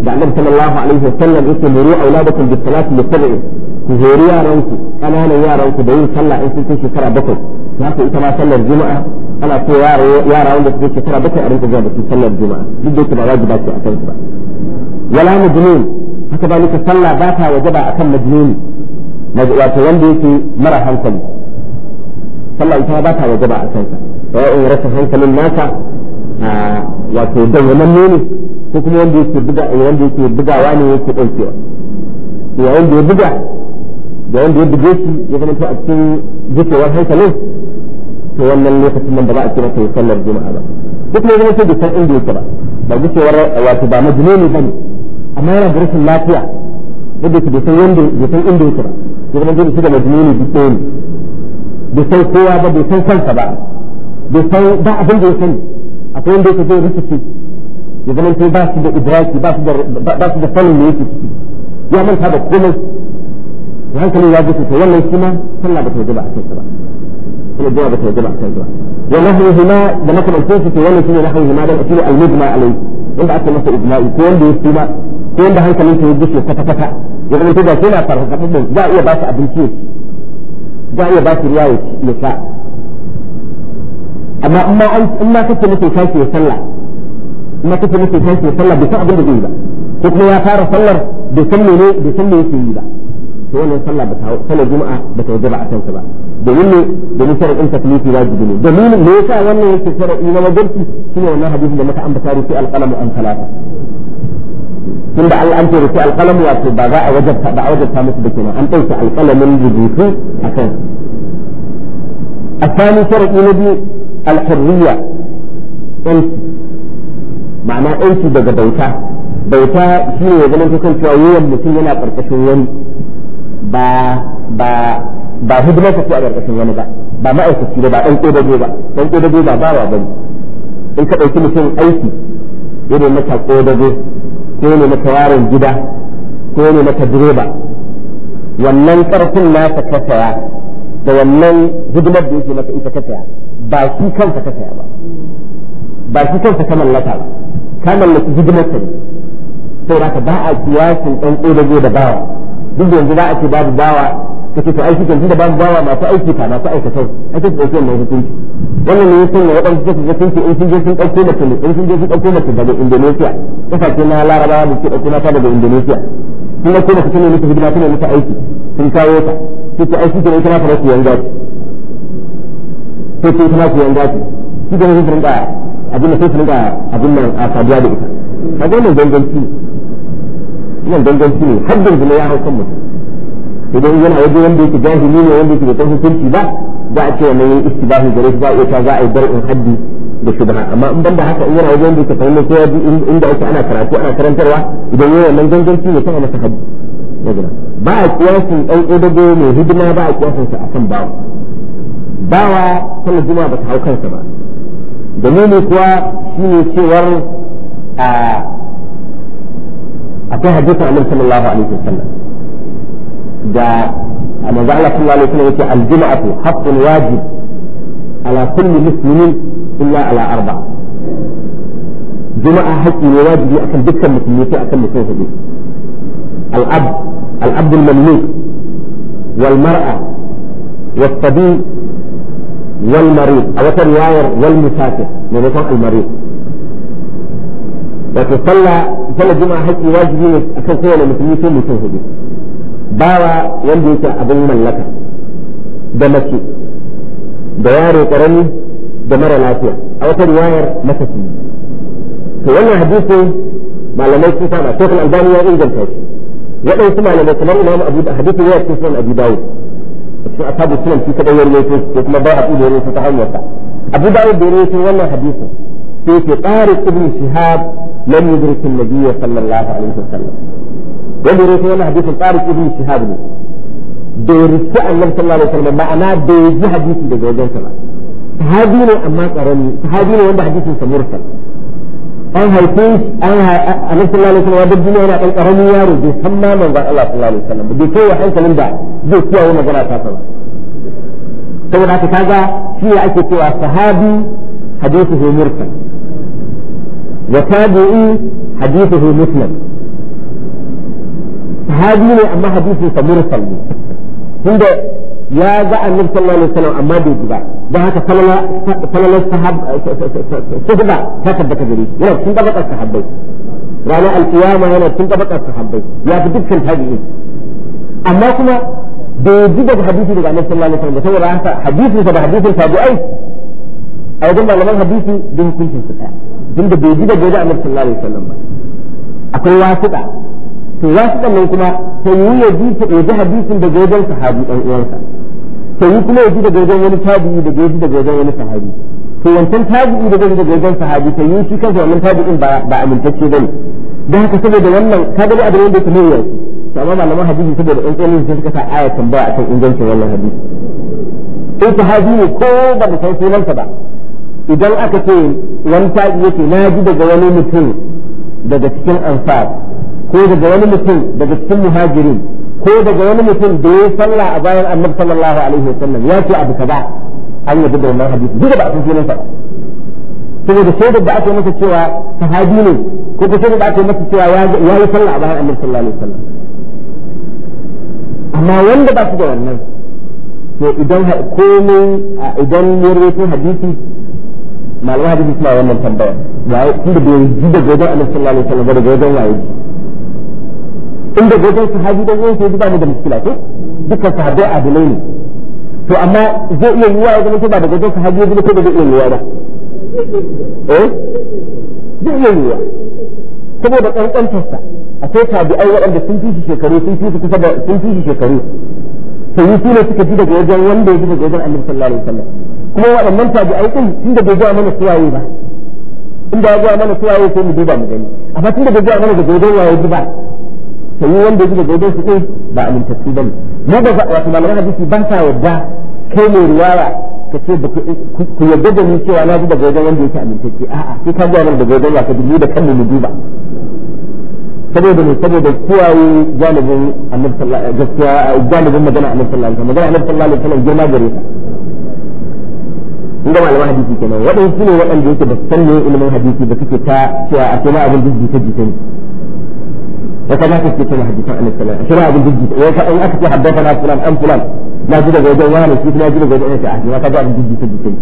da annabi sallallahu alaihi wasallam yake muru auladakum bis salati li sab'i ku hori yaranku kananan yaranku da yin sallah in sun kai shekara bakwai haka ita ma sallar juma'a ana so yara wanda suke shekara bakwai a rinka zuwa da su sallar juma'a duk da yake ba wajiba ce akan su ba wala mujmin haka zalika sallah ba ta wajaba akan majnuni wato wanda yake mara hankali sallah ita ba ta wajaba a kansa in rasa hankalin nasa wato dawwamanne ne ko kuma wanda yake buga wanda yake bugawa ne yake daukewa yayin da ya buga da wanda ya buge shi ya zama to a cikin jikewar hankalin to wannan lokacin nan ba za a kira kai sallar juma'a ba duk ne zama to da san inda yake ba ba jikewar wato ba majnuni bane أما يجب ان يكون هناك بيسان يندو بيسان يندو ترى يقول لدي بسيطة مجنوني بيسان بيسان قوة بيسان سلسة بقى بيسان باع بندو سن أكو يندو تجي رسل شيء يقول لدي باس دو إدراكي باس دو باس دو فلو ميسي شيء يعمل هذا كله وهل كان يواجه سيسا يلا يسيما سلا بتوجه بقى سيسا بقى سلا بتوجه بقى سيسا بقى سيسا بقى ونحوهما لما كنا نسيسا يلا يسيما نحوهما ko wanda hankalin ta yadda gushe kwata kwata ya zama ta gashi na farfaɗa din za a iya ba su abinci ya ci za a iya ba su ruwa ya sha amma in ma kace mutum tashi ya sallah in ma kace mutum tashi ya sallah bai san abin da zai yi ba ko kuma ya fara sallar bai san mene bai san me yake yi ba to wannan sallah ba ta sallar juma'a ba ta wajaba a kansa ba domin ne domin sharadin taklifi wajibi ne domin me yasa wannan yake sharadi na wajibi shine wannan hadisin da muka ambata rufi alqalamu an salata tunda Allah an tura alqalam wato ba za a wajabta ba wajabta musu da kenan an dauke alqalamin rubutu akan asani sharadi na bi alhurriya in ma'ana aiki daga bauta bauta shi ne ganin ta kan cewa yayin mutum yana karkashin wani ba ba ba hidimar ta ce a karkashin wani ba ba ma'aikaci ba ba dan kodage ba dan kodage ba ba ba bane in ka dauki mutum aiki yana maka kodage ko ne na tawarin gida ko ne na direba wannan karfin na ka saya da wannan hidimar da yake maka ita ka saya ba shi kansa ka saya ba ba shi kansa ka mallaka ba ka mallaki hidimar ka ne sai ba a kiyasin ɗan ƙodago da bawa duk yanzu za a ce babu bawa kace to aiki kan da babu bawa masu aiki fa masu aikatar ake da dauke mai hukunci wannan ne yake ne wadanda suke da kinki in sun je sun dauko da ne in sun je sun dauko mace daga Indonesia kasashe na Laraba da suke dauko ta daga Indonesia sun dauko mace ne mutu hidima tana mutu aiki sun kawo ta sai ta aiki kan ita fara kuyan gaci sai ta ita ma gaci shi da ne sun abin da sai sun abin nan a saduwa da ita kaga wannan danganci wannan danganci ne har da ya hau kan mutum idan yana waje wanda yake jahili ne wanda yake da hukunci ba za a ce wannan yin istibahi gare shi za a iya za a yi bar'in haddi da shubha amma in da haka in yana waje wanda yake fahimta ko inda ake ana karatu ana karantarwa idan yana wannan ganganci ne kuma masa haddi ba a kiyasin ɗan kodago mai hidima ba a kiyasin sa akan bawa bawa kala juma ba ta hau kansa ba dalili kuwa shine cewar a akwai hadisin annabi sallallahu alaihi wasallam دا أنا جعل الله عليه وسلم الجمعة حق واجب على كل المسلمين إلا على أربعة جمعة حق واجب أكل دكا مسلمين أكل مسلمين الأب الأب المملوك والمرأة والصبي والمريض أو الواير والمسافر من يعني المريض لكن صلى صلى جمعة حق واجب أكل كل مسلمين مسلمين bawa wanda yake abin mallaka da mace da yaro karami da mara lafiya a wata riwayar matafi to wannan hadisi malamai sun fara ko kuma albani ya inganta shi waɗansu malamai kamar imam abu da hadisi ya ce sunan abu dawud cikin asabu sunan shi kadai ya rawaito shi ko kuma ba abu da rawaito ta hanyar sa abu dawud da rawaito wannan hadisi sai ke tsari ibn shihab lam yudrik an-nabiy sallallahu alaihi wasallam wanda ya wani hadisin tsarik ibn shihab ne bai rufe annabi sallallahu alaihi wasallam ma'ana bai ji hadisi daga wajen sa ba sahabi ne amma tsarani sahabi ne wanda hadisin sa mursal an haife an annabi sallallahu alaihi wasallam dabbi yana dan karamin yaro bai san ma manzon Allah sallallahu alaihi wasallam bai kai wa hankalin da zai kiyaye magana ta ba saboda haka kaga shi ne ake cewa sahabi hadithu mursal wa tabi'i hadithu muslim sahabi ne amma hadisin sa mursal ne tunda ya ga annabi sallallahu alaihi wasallam amma bai ji ba haka sallallahu sahab ta tabbata gare shi yana cikin tabakar sahabbai ranar alkiyama yana cikin tabakar sahabbai ya fi dukkan tabi'i amma kuma bai ji daga hadisi daga annabi sallallahu alaihi wasallam saboda haka hadisin sa da hadisin tabi'ai a wajen malaman hadisi da hukuncin su ɗaya tunda bai ji daga annabi sallallahu alaihi wasallam ba akwai wasiƙa to wasiƙan nan kuma ta yi ya ji ta ji hadisin da wajen sahabi ɗan uwansa ta yi kuma ya ji daga wajen wani tabi'i da ji daga wajen wani sahabi to wancan tabi'i da ji daga wajen sahabi ta yi shi kansa wannan tabi'in ba amintacce bane da haka saboda wannan ka ga abin da yake mai yanzu to amma malaman hadisi saboda ɗan tsanin sai suka sa aya tambaya akan ingancin wannan hadisi in sahabi ne ko ba da san sunansa ba idan aka ce wani tabi'i yake na ji daga wani mutum daga cikin ansar ko daga wani mutum daga cikin muhajirin ko daga wani mutum da ya sallah a bayan annabi sallallahu alaihi sallam ya ce abu kaza an yi da wannan hadisi duka ba a san sunan sa saboda sai da aka masa cewa sahabi ne ko ko sai da aka masa cewa ya yi sallah a bayan annabi sallallahu alaihi sallam amma wanda ba su da wannan to idan komai idan ya rawaito hadisi malama hadisi suna wannan tambaya ya yi da bai ji daga wajen annabi sallallahu alaihi wa ba daga wajen waye inda gogon sahabi don uwan sai ba ni da muskila ko dukkan sahabbai adalai ne to amma zai iya yiwa ya zama ba da gogon sahabi ya zama ko da zai iya yiwa ba eh zai iya yiwa saboda kankantarsa akwai tabi'ai waɗanda sun fi shi shekaru sun fi su kusa da sun fi shi shekaru to yi sune suka ji daga wajen wanda ya ji daga wajen annabi sallallahu alaihi wasallam kuma waɗannan tabi'ai din tunda bai zuwa mana suwaye ba inda ya zuwa mana suwaye sai mu duba mu gani amma tunda bai zuwa mana daga wajen waye ba sayi wanda yake da wajen su din ba amintattu ba ne mu ba za a wasu malaman hadisi ban ta yadda kai mai riwaya ka ce ba ku yadda da ni cewa na ji daga wajen wanda yake amintacce a'a sai ka gaya da wajen ba ka dubi da kanmu mu duba saboda ne saboda kiyaye galibin annabi sallallahu alaihi wasallam galibin magana annabi sallallahu alaihi wasallam magana annabi sallallahu alaihi wasallam girma gare ta inda malaman hadisi kenan waɗansu ne waɗanda yake da san ilimin hadisi da suke ta cewa a kuma abin duk jita jita ne وكذلك يتنهى الدفاع عن السلام شراء بن جديد ويأكد يحبه فلا فلان أم فلان لا جدا جدا وانا سيف لا جدا جدا انت احد وكذا بن جديد سجدتين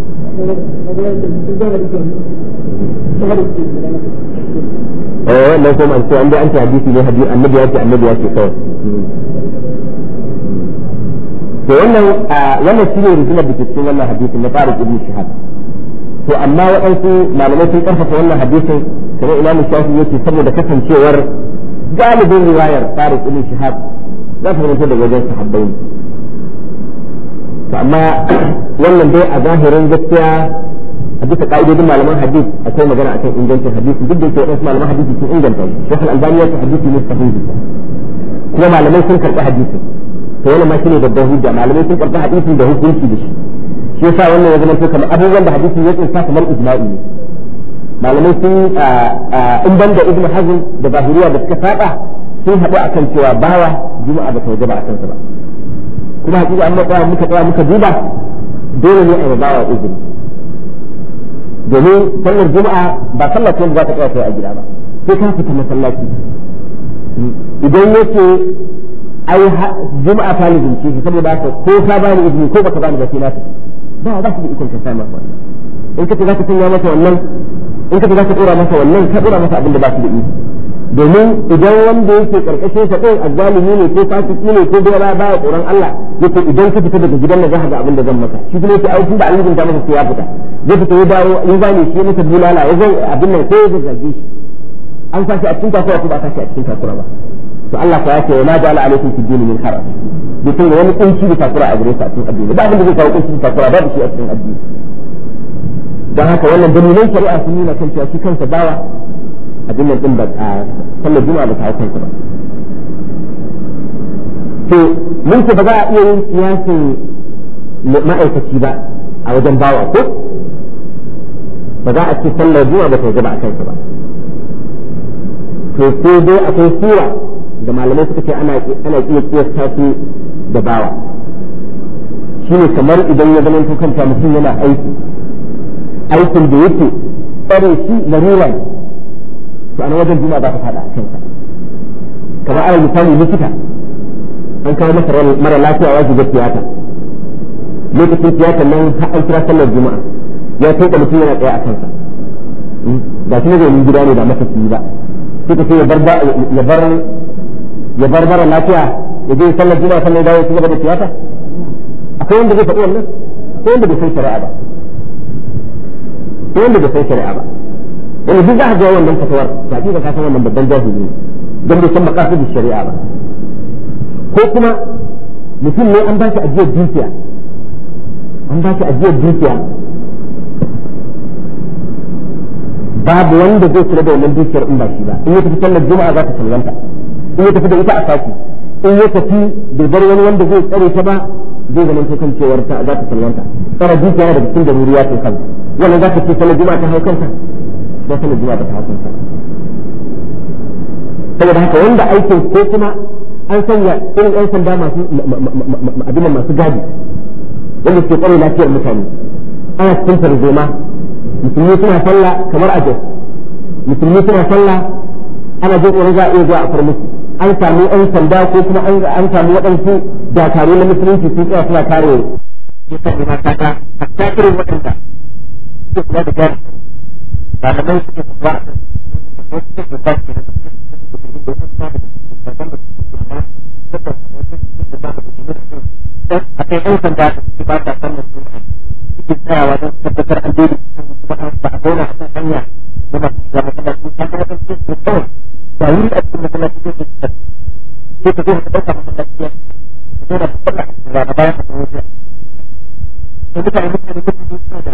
ايه لا سوما انت عندي انت حديثي لي حديث النبي ياتي النبي ياتي طور وانه وانه سيدي رجل بكتين وانه حديث المطارق ابن الشهاد فأما وأنت ما لم يكن أرفق وانه حديثي كما إمام الشافعي يأتي سبب كفن شيء ورد galibin riwayar Farid ibn Shihab za ta rubuta daga wajen sahabbai to amma wannan dai a zahirin gaskiya a bisa ka'idodin malaman hadis akwai magana akan ingancin hadisi duk da yake wadansu malaman hadisi sun inganta shi shi hal albaniya ta hadisi ne sahihi kuma malamai sun karɓi hadisi to wannan ma shine babban hujja malamai sun karɓi hadisin da hukunci da shi shi yasa wannan ya zama kamar abubuwan da hadisi ya tsinsa kamar ijma'i ne malamai sun in ban da ibnu hazm da zahiriya da suka saba sun haɗu akan cewa bawa juma'a ba ta wajaba akan sa ba kuma hakika an matsaya muka tsaya muka duba dole ne a yi bawa izini domin sallar juma'a ba sallar ce za ta tsaya kai a gida ba sai ka fita masallaci idan yake ai juma'a ta lizince shi saboda haka ko ka bani izini ko baka bani ba sai na fita ba za su da ikon ka sama wannan in ka ce za ka sanya masa wannan in kace za ka tsora masa wannan ka tsora masa abin da ba su da iko domin idan wanda yake karkashin sa din azzalimi ne ko fasiki ne ko dole ba ya tsoron Allah yake idan ka fita daga gidan nan za ga abin da zan maka shi kuma yake ai da Allah rubuta masa sai ya fita ya fita ya dawo in ba ne shi mata bulala ya zai abin nan ko ya zage shi an sashi a cikin kasuwa ko ba sashi a cikin kasuwa ba to Allah ta yace ma jala alaikum fi dinin haram duk bai kai wani kunci da kasuwa a gare sa a cikin addini ba abin da zai kawo kunci da kasuwa ba shi a cikin addini don haka wannan dalilan shari'a sun nuna kan cewa shi kansa bawa a nan din ba a sallar juma'a ba ta hau kansa ba to mun ce ba za a iya yin kiyasin ma'aikaci ba a wajen bawa ko ba za a ce sallar juma'a ba ta gaba a kansa ba to ko dai akwai sura da malamai suka ce ana ana iya kiyasta su da bawa ne kamar idan ya zama kan mutum yana aiki aikin da yake tsare shi da ne to ana wajen juma'a za ta fada a kanka kamar ana misali likita an kawo masa mara lafiya wajen ga tiyata lokacin tiyata nan an kira sallar juma'a ya kai mutum yana tsaye a kansa ba hmm, shi ne zai gida ne ba masa ba sai ka ce ya bar ya bar mara lafiya ya je sallar juma'a sannan ya dawo ya ci gaba da tiyata akwai wanda zai faɗi wannan akwai wanda bai san shari'a ba sai wanda bai san shari'a ba wanda duk za ka ga wannan fatawar ba ki ka san wannan babban jahili ne don bai san maqasid shari'a ba ko kuma mutum ne an ba shi ajiyar dukiya an ba shi ajiyar dukiya babu wanda zai kula da wannan dukiyar in ba shi ba in ya tafi sallar juma'a za ta sallanta in ya tafi da ita a saki in ya tafi bai bar wani wanda zai tsare ta ba zai zama kan cewar ta za ta sallanta tsara dukiya daga cikin daruriya ce kansa wani za ka ce sanar juma'a ta hau kanka ko sanar juma'a ba ta hau kanka saboda haka wanda aikin ko kuma an sanya irin yan sanda masu abin masu gadi wanda ke kwarai lafiyar mutane ana cikin tarzoma musulmi suna sallah kamar a jos musulmi suna sallah ana jin tsoron za a iya zuwa a far musu an samu yan sanda ko kuma an samu waɗansu dakaru na musulunci sun tsaya suna kare ya sa ta ta ta ta suke kula da gyara malamai suke kula a kan suke kula da suke kula da suke kula da suke kula da suke kula da suke kula da suke kula da suke da mutane mutane mutane suna da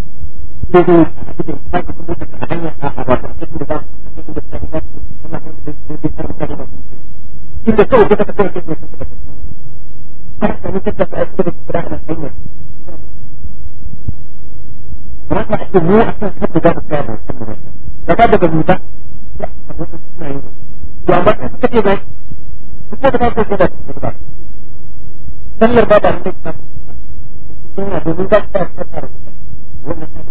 inda kawai kuka ta ta ta ta ta hanyar a kan ta ta ta ta ta ta ta ta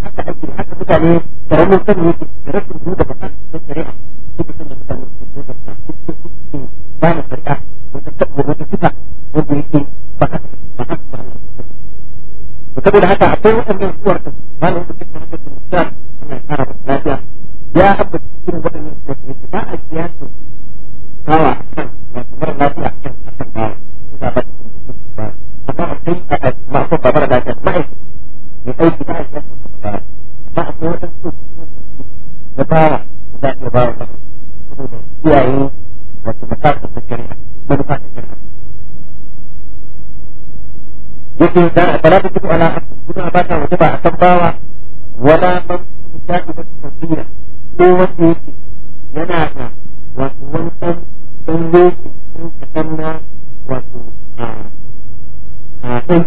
haka ake haka mutane karamin sani yake da rashin duba da kan da shari'a su ka sanya mutane su duba da su ba na shari'a wata tabbata wata sifa wanda yake ba haka ba haka ba haka saboda haka akwai waɗannan suwar da ba na wata cikin haka sun sa ana fara da lafiya ya haɓɓa cikin waɗannan suwar da yake ba a kiyasin kawa a kan wato mara lafiya a kan a kan bawa su zaɓa da su ba amma akwai a masu ba mara lafiya ma'aikata mai aiki ba ya ba ba a kowa ɗan su na bawa za a iya bawa ba saboda iyaye wasu mafafa da shari'a manufa ta shari'a yake da a bala ta tuku ala hakan suna ba ta waje ba a san bawa wala man su ta ɗi ba su tafiya ko wanda yake yana da wasu wani ɗan ɗan lokaci ɗan kaɗan na wasu a ɗan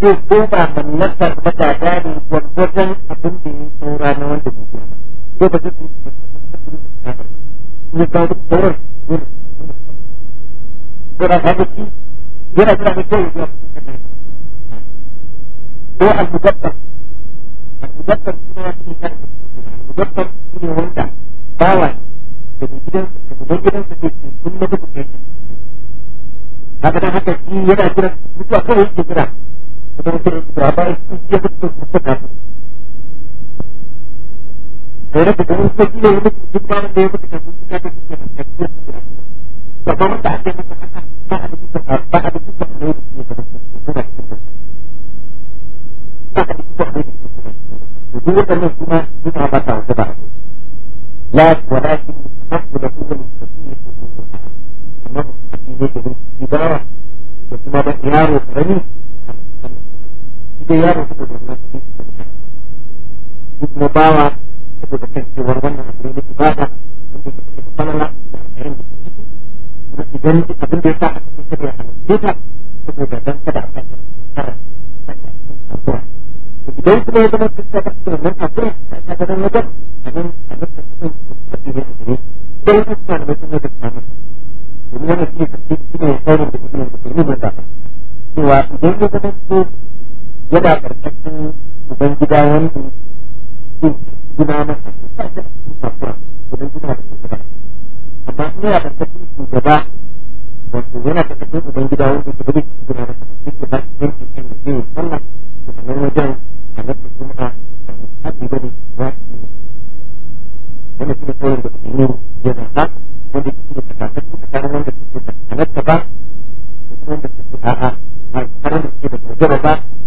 zai koma mallakar matata ne gwargwadon abin da ya saura na wanda bai biya ba ba zai ya kawo duk sauran yana kawo shi yana da ne kawai ya ko al-mudabbar al-mudabbar ne wanda ya kawo al-mudabbar ne wanda bawa da mai gidansa da mai gidansa ke sun na duk kai haka da haka shi yana jira mutuwa kawai yake jira Mungkin berapa itu dia untuk bersedekah. Jadi bukan seperti itu jumpa dia ketika kita ketika kita Pertama tak ada kata-kata, tak ada kata-kata, tak ada kata-kata, tak ada kata-kata. Dulu kami cuma kita apa tahu coba. La walakin mustaqbil kullu mustaqbil kullu. Semua ini di bawah. Semua ada pengaruh sai ya rufe da wannan shi kuma bawa saboda kan cewar wannan abu ne ba ta wanda ke cikin falala da yayin da ke ciki kuma idan abin da ya sa a cikin saboda halittu ta saboda dan kada a kan kara idan kuma ya zama cikin ta cikin wannan hakuri ta ta ganin wajen a nan a nan ta cikin ne da don ta ta da mutum da ta domin wannan shi ne tafsiri shi ne da kuma da kuma cewa idan ya zama cikin yana karkashin uban gida wanda ke gina masa ba da da ta amma in yana karkashin gaba wato yana karkashin uban gida wanda ke gina ta gina masa su ke ba da zai sallah da ta wajen a da ta ba ne ta ta yi wanda shi ne kawai da ta yi ya zaɓa ta shi ne ta tsakanin ba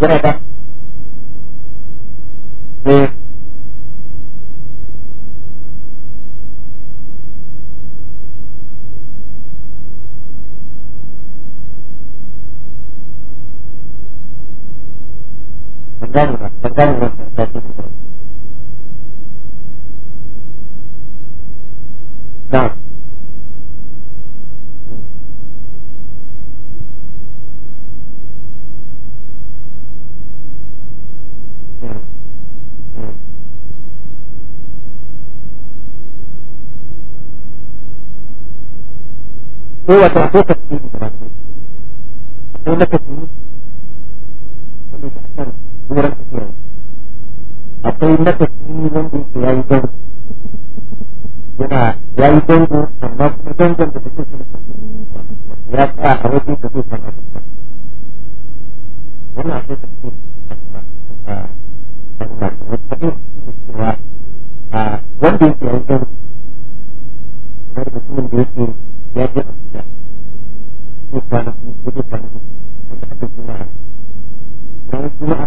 Gracias. Peganlo, peganlo hasta Cristo. No. هو تحقيق الدين هناك دين sai matafiyi wanda yake ya yi dango yana ya yi dango amma kuma dangon da take suna ya tsaya a wajen da zai sama wannan akwai a kuma a kuma da wata cewa a wanda yake ya yi dango kamar mutumin da yake ya a abuja ko kwana kuma ko kwana wanda aka juma'a ranar juma'a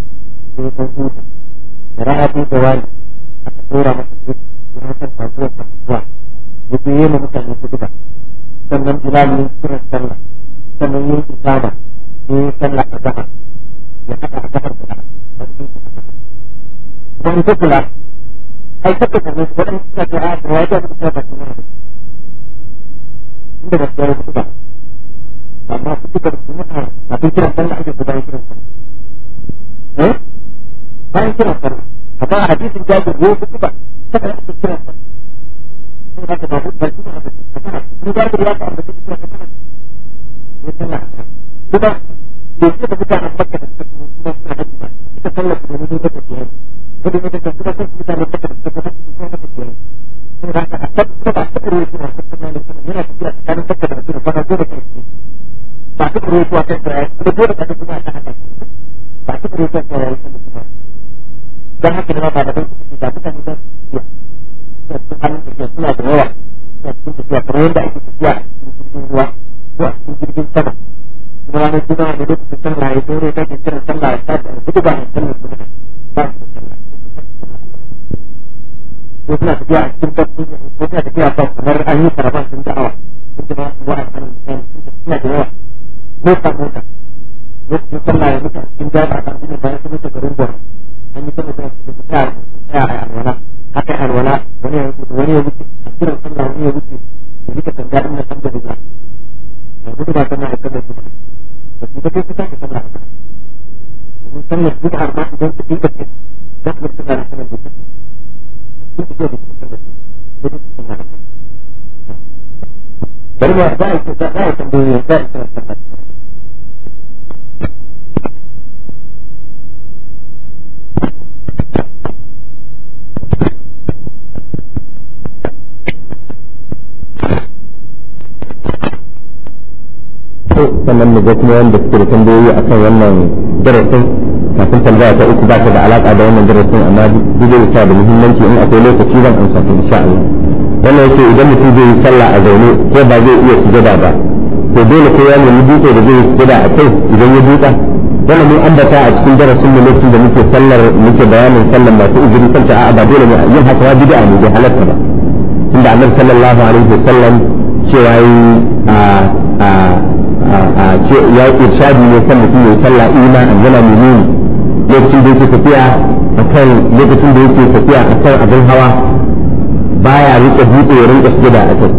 sai ko huta da rana ta wani aka tura masa su ya san faruwa ta mutuwa ya je yi mutane su duka sannan kira sallah sannan yi isama ya yi sallah a gaba ya a da ba su yi kula ai ta kula suka ce a ta wajen da ta ba su ne inda ba su yi su ba amma su duka da su mutu a cikin sallah ake gudanar da sallah bayan kiran sallah amma a hadisin jabir ne ku ba saka da ake kiran sallah sun haka ba ba su ba ni ba ku ya ta ambata kiran sallah ne sallah kuma da su da mutane makka da su kuma suna haji ba ita sallah da ne ta tafiya kada ne ta kuma sun mutane makka da su kuma suna tafiya sun haka a tabbata ba ta kuma suna tafiya ne sallah yana kuma tsakanin makka da su ba ta dole ta kuma ba ta kuma ta tsaya da dole ta kuma ta haka ba ta ruwa ta tsaya da kuma dan haka ne ba da kai da kuka da ya ta halin da suna da yawa da cikin tafiya kamar yadda ake tafiya a cikin ruwa ko a cikin jirgin sama kuma wani juna da lokacin sallah ya zo ne ta ke kiran sallah ya ta da gudu ba da sallah su ne ba su da ko suna tafiya a cikin dabbobi ko suna tafiya ba kamar an yi karaban sun da'awa sun ji ba su wa'a kan mutane suna da yawa mota mota lokacin sallah ya a cikin jami'a kan bayan sun mutu garin gwamnati an yi saboda su a alwala haka alwala wani ya wuce wani ya wuce a kiran sallah wani ya wuce da duka tanga na tanga da ba sallah sallah su ba su ta kai sallah domin sallah su ce za su da sallah da su da su sallah su da sallah da bari ma za a yi tambayoyi za a yi sannan mu ga kuma wanda suke da tambayoyi akan wannan darasin kafin tambaya ta uku ba ta da alaka da wannan darasin amma duk da ta da muhimmanci in akwai lokaci zan amsa ta insha Allah wannan yake idan mutum zai yi sallah a zaune ko ba zai iya sujada ba to dole ko ya nemi dutse da zai sujada a kai idan ya duka wannan mun ambata a cikin darasin mu lokacin da muke sallar muke bayanin sallar masu uzuri kanta a'a ba dole ne yin haka wa bid'a ne bai halatta ba tunda annabi sallallahu alaihi wasallam cewa yi a ya yi irshadi ne kan mutum ya sallah ina an zama menene lokacin da yake tafiya akan lokacin da yake tafiya akan abin hawa baya rike dutse ya rinka sujada a kai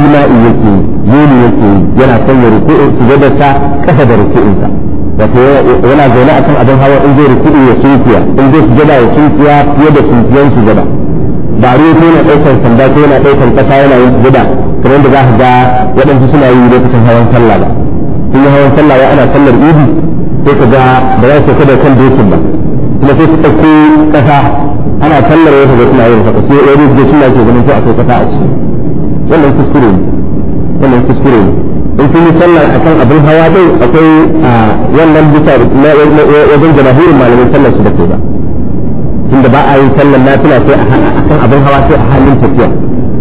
imani yake yini yake yana son ya ruku sujada ta kasa da ruku'insa wato yana zaune a kan abin hawa in zai ruku'u ya sunkiya in zai sujada ya sunkiya fiye da sunkiyan sujada ba a ko yana ɗaukar sanda ko yana ɗaukar kasa yana yin sujada kamar da za ka ga waɗansu suna yi lokacin hawan sallah ba sun yi hawan sallah ya ana sallar idi sai ka ga ba za su kada kan dokin ba kuma sai su ɗauko ƙasa ana sallar suna yin haka sai ɗaya da suna ke ganin ko akwai ƙasa a ciki wannan kuskure ne wannan kuskure ne in sun yi sallah akan abin hawa akwai wannan bisa wajen malamin sallar su da ke ba tunda ba a sallar sai akan abin hawa sai a halin tafiya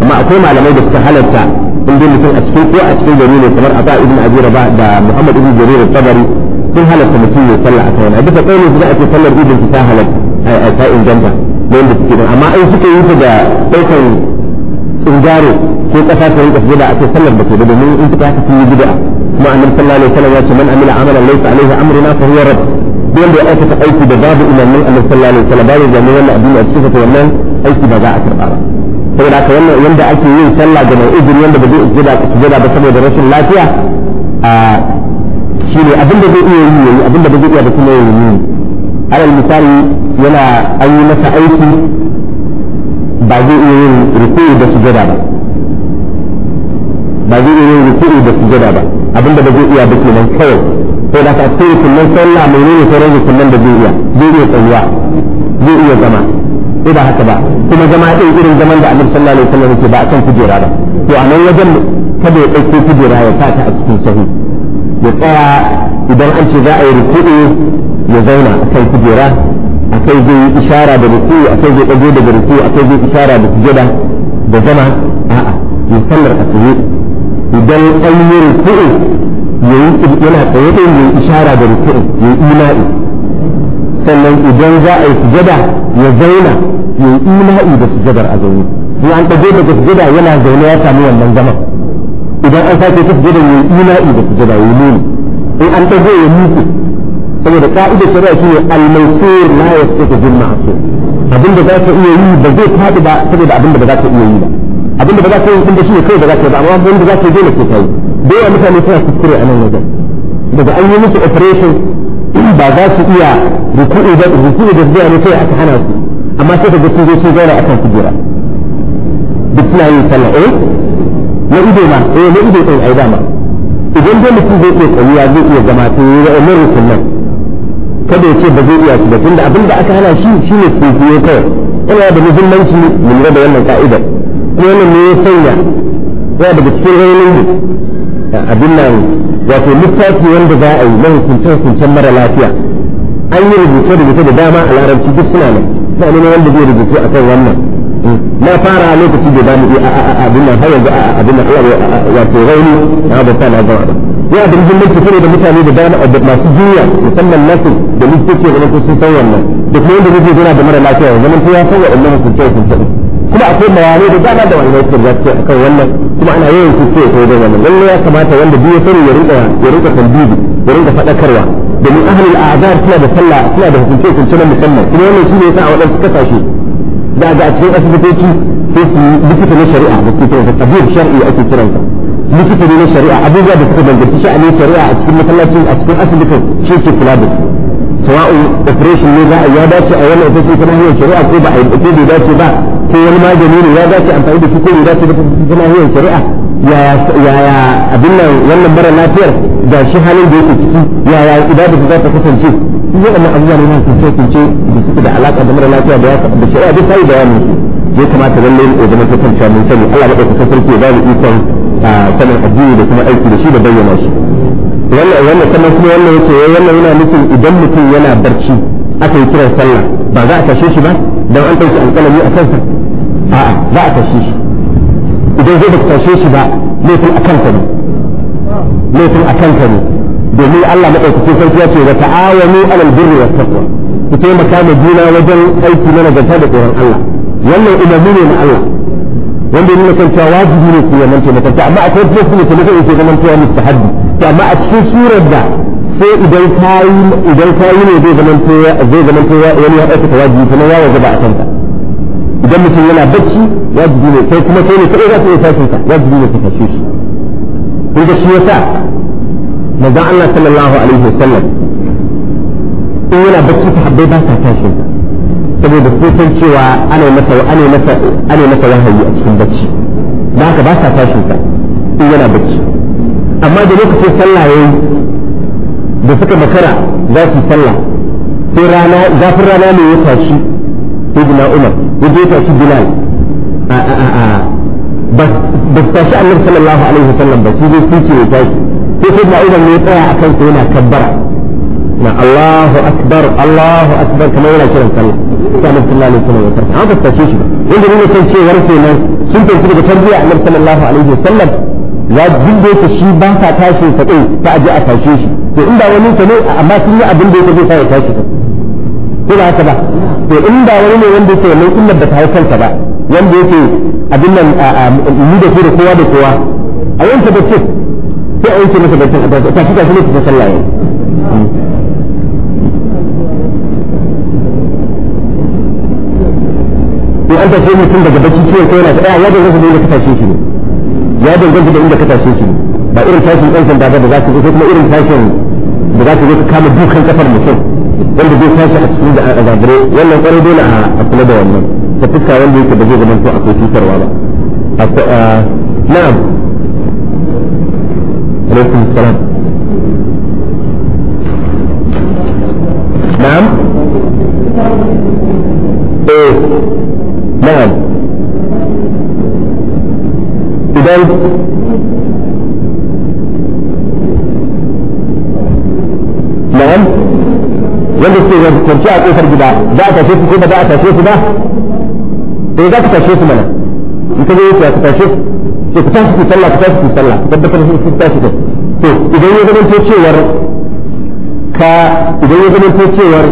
amma akwai malamai da suka halarta in dai mutum a cikin ko a cikin gari ne kamar Aba ibn Abi Rabah da Muhammad ibn Jarir al-Tabari sun halatta mutum ya salla a kai na duka kaulin su da ake sallar idin ta halatta a ta inganta da yanda suke don amma in suka yi ta da ɗaukan tsingaro ko ƙasa su rinka da ake sallar da ke da domin in suka haka sun yi bid'a kuma annabi sallallahu alaihi wasallam ya ce man amila amalan laysa alaihi amruna fa huwa rabb duk da aikata aiki da babu imamin annabi sallallahu alaihi wasallam babu jami'an abin da cikin wannan aiki ba za a karba ba saboda haka wannan yanda ake yin sallah ga mai izini yanda ba zai sujada ba saboda rashin lafiya a ne abin da zai iya yi yayi abin da ba zai iya ba kuma yayi ne alal misali yana an yi masa aiki ba zai iya yin rukuu da sujada ba ba zai iya yin rukuu da sujada ba abin da ba zai iya ba kenan kawai sai da ka cikin kullun sallah mai ne sai rage kullun da zai iya zai iya tsayuwa zai iya zama ko ba haka ba kuma zama ɗin irin zaman da annabi sallallahu alaihi wasallam yake ba akan kujera ba to a nan wajen kada ya ɗauko kujera ya sa ta a cikin sahu ya tsaya idan an ce za a yi rukuɗi ya zauna akan kujera akai zai yi ishara da ruku akai zai ɗago daga ruku akai zai ishara da kujera da zama a'a ya sallar a tsaye idan an yi rukuɗi yana tsaye ɗin ya ishara da rukuɗi ya yi ima'i sannan idan za a yi sujada ya zauna ya yi ila'i da sujadar a zaune in an ɗago daga sujada yana zaune ya samu wannan zama idan an sake ta sujada ya yi ila'i da sujada ya yi nuni in an ɗago ya miƙe saboda ka'idar shari'a shi ne almaisir na ya ta jin ma'aso abin da za ka iya yi ba zai faɗi ba saboda abin da ba za ka iya yi ba abin da ba za ka yi inda shi ne kai ba za ka yi ba amma da za ka yi dole ke kai dole mutane suna kuskure a nan wajen daga an yi musu operation ba za su iya ruku'u da ruku'u da zuwa ne sai aka hana su amma sai ka ga sun zo sun zauna akan kujera duk suna yin sallah eh na ido ma eh na ido ɗin ai ma idan dai mutum zai iya tsayuwa zai iya zama to ya yi wannan rukunan kada ya ce ba zai iya su ba tunda abin da aka hana shi ne shine tsinkiye kawai yana da muhimmanci mu lura da wannan ka'idar kuma wannan ne ya sanya yana daga cikin raunin abin nan wato littafi wanda za a yi na hukuncen mara lafiya an yi rubuce rubuce da dama a larabci duk suna nan ba ne wanda zai rubutu kan wannan hmm. na fara lokaci da zamu a abin nan har yanzu abin nan wato rauni na ba na gaba ba ya da muhimmanci kare da mutane da dama da masu jiya musamman nasu da likitoci da sun san wannan duk wanda zai zo da mara lafiya zaman ta ya san waɗannan hukunce hukunce kuma akwai bayanai da dama da wannan yake zafi kan wannan kuma ana yawan kuce ko da wannan lalle ya kamata wanda duk ya sani ya rinka ya rinka tambibi ya rinka fadakarwa domin ahli a'zar suna da sallah suna da hukunce hukunce na musamman kuma wannan shine yasa a wadansu kasashe da ga cikin asibitoci sai su likita na shari'a da suke kiransa tabib shar'i ake kiransa likita ne na shari'a abubuwa da suka danganci sha'anin shari'a a cikin masallacin a cikin asibitin shi ke kula da su sawa'u operation ne za a ya dace a wannan ita ce ta hanyar shari'a ko ba a yi ko bai dace ba ko wani magani ne ya dace amfani da shi ko ya dace da kuma hanyar shari'a ya abin nan wannan mara lafiyar ga shi halin da yake ciki ya ibada za ta kasance shi wannan abubuwa ne na kunce kunce da suke da alaka da mara lafiya da ya da shari'a duk sai bayanin su ya kamata lalle ya zama ta kanta mun sani Allah da kuka sarki ya bani ikon sanin addini da kuma aiki da shi da bayyana shi wannan wannan sanan kuma wannan yake eh, wannan yana nufin idan mutum yana barci aka yi kiran sallah ba za a tashe shi ba dan an ɗauki alƙalami a kansa a'a za a tashe shi idan zai baka tashe shi ba laifin a kanka ne laifin a kanka ne domin Allah madaukakin sarki ya ce wa ta'awanu alal birri was taqwa ku taimaka ma juna wajen aiki na nagarta da tsoron Allah wannan umarni ne na Allah wanda yana kan cewa wajibi ne ku yaman taimakarta amma akwai kuma kuma taimaka yake zaman cewa mustahabbi to amma a cikin surar da sai idan kayi idan kayi ne zai zaman zai zaman wani ya ɗauka wajibi kuma ya waje ba a kanta idan mutum yana bacci ya wajibi ne kai kuma kai ne kai za ka iya tashin sa wajibi ne ka tashe shi kun ga shi yasa manzon Allah sallallahu alaihi wasallam in yana bacci sahabbai ba sa tashin sa saboda sai san cewa ana masa ana masa ana masa wahayi a cikin bacci da haka ba sa tashin sa in yana bacci amma da lokacin sallah yayi da suka makara za su sallah sai rana zafin rana ne ya tashi sayyidina Umar ya jefa shi Bilal a a a ba ba tashi Annabi sallallahu alaihi wasallam ba shi zai ce ya tashi sai sayyidina Umar ne ya akan sa yana kabbara na Allahu akbar Allahu akbar kamar yana kiran sallah sai Annabi sallallahu alaihi wasallam ya tashi an ba tashi ba ne kan cewar kenan sun tafi daga tarbiyya Annabi sallallahu alaihi wasallam ya jinde ta shi ba ta tashi sa ta aje a tashe shi to inda wani ta ne amma sun yi abin da yake zai sa ya tashi ko ba haka ba to in da wani ne wanda yake wannan illar da ta hau kanta ba wanda yake abin nan a mu da ke da kowa da kowa a yanka da ce sai a yanke masa da ta shi ta shi ne ta sallah yau ko an tashe mutum daga bacci ciwon kai yana ta ah, ya danganta da inda ka tashe shi ne ya danganta da inda ka tashe shi ne ba irin tashin ɗan sanda ba da za ka zo kuma irin tashin da za ka zo ka kama dukan kafar mutum wanda zai tashi a cikin da a zabure wannan kwarai dole a kula da wannan ta fuska wanda yake ba zai zama to akwai cutarwa ba na'am alaikum salam na'am eh na'am idan na'am wanda suke kwanci a kofar gida za a tashe su ko ba za a tashe su ba eh za ku tashe su mana in ka zo ya tashe su ce ku tashi ku sallah ku tashi ku sallah ku tabbatar da ku tashi ku to idan ya zama to cewar ka idan ya zama to cewar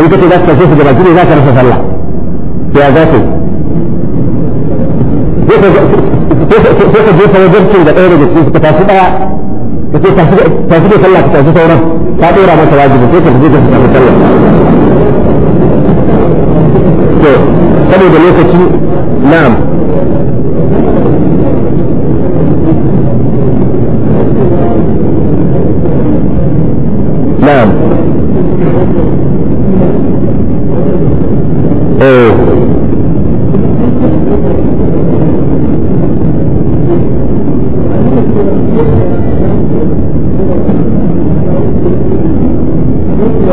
in ka ce za ka tashe su gaba gida za ka rasa sallah to ya za ka sai ka wajen cin da ɗaya daga cikin ka tashi ɗaya ka ce tafi da sallah ka tafi sauran ta ɗora masa wajibi sai ka tafi da tafi sallah to saboda lokaci na'am na'am a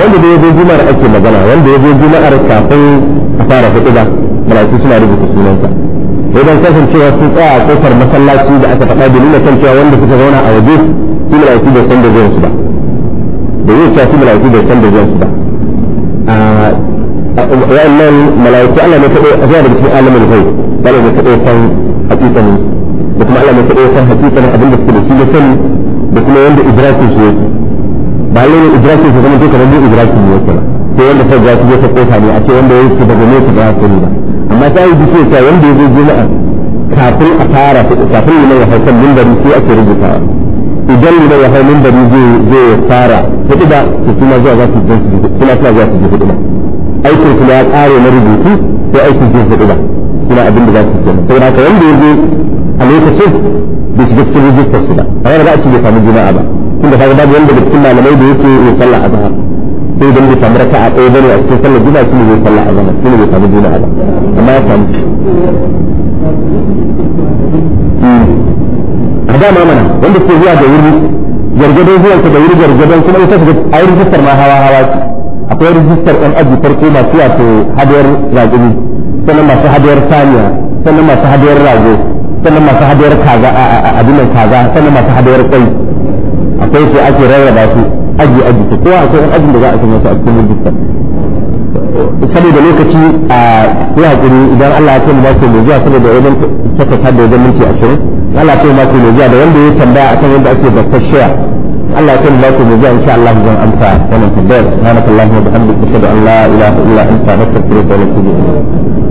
wanda da ya zo juma'ar ake magana wanda ya zo juma'ar kafin a fara hudu ba malaiku suna rubuta sunansa idan kasancewa sun tsaya a kofar masallaci da aka faɗa domin kan cewa wanda suka zauna a waje su malaki bai san da zuwan su ba da zai cewa su malaki bai san da zuwan su ba wa'annan malaki Allah ne kaɗai a zuwa da cikin alamin kai ba ne kaɗai san hakikanin da kuma Allah ne kaɗai san hakikanin abin da suke da shi da sani da kuma yadda idrakin shi yake ba lai idrakin shi zama duka wanda idrakin ne yake ba sai wanda sai gasu ya ta kofa ne a ce wanda yake ce daga nesa ba ya ba amma sai yi shi ta wanda yake zo juma'a kafin a fara kafin ne ya hauka mimbari sai ake rubutawa idan ne ya hauka mimbari zai fara hudu ba su suna zuwa za su je hudu ba aikin kuma ya ƙare na rubutu sai aikin jin hudu ba suna abin da za su kenan sai haka wanda ya zo a lokacin bai shiga cikin rijistar su ba a yana za a ci bai samu juma'a ba tunda kaga babu wanda da cikin malamai da yake yin sallah azhar sai dan bai samu raka'a ɗaya bane a cikin sallar juma'a shine zai sallah azhar shine bai samu juma'a ba amma ya samu hmm. a dama mana wanda ke zuwa da wuri gargadon zuwan ka da wuri gargadon kuma ita ta a yi rijistar ma hawa hawa akwai rijistar ɗan aji farko masu wato hadar ragumi sannan masu hadiyar saniya sannan masu hadiyar rago sannan masu hadiyar kaza abinan kaza sannan masu hadiyar kwai akwai su ake rarraba su aji aji ko kowa akwai ajin da za a sanya su a cikin rijista saboda lokaci a ya hakuri idan Allah ya kai mako mai zuwa saboda wajen tsaka ta da wajen minti ashirin Allah ya kai mako mai zuwa da wanda ya tambaya akan yadda ake shiya Allah ya kai يكون لكم وجاء إن شاء الله جزاء أنفع ومن تبارك سبحانك اللهم وبحمدك أشهد أن لا إله إلا أنت نستغفرك ونتوب إليك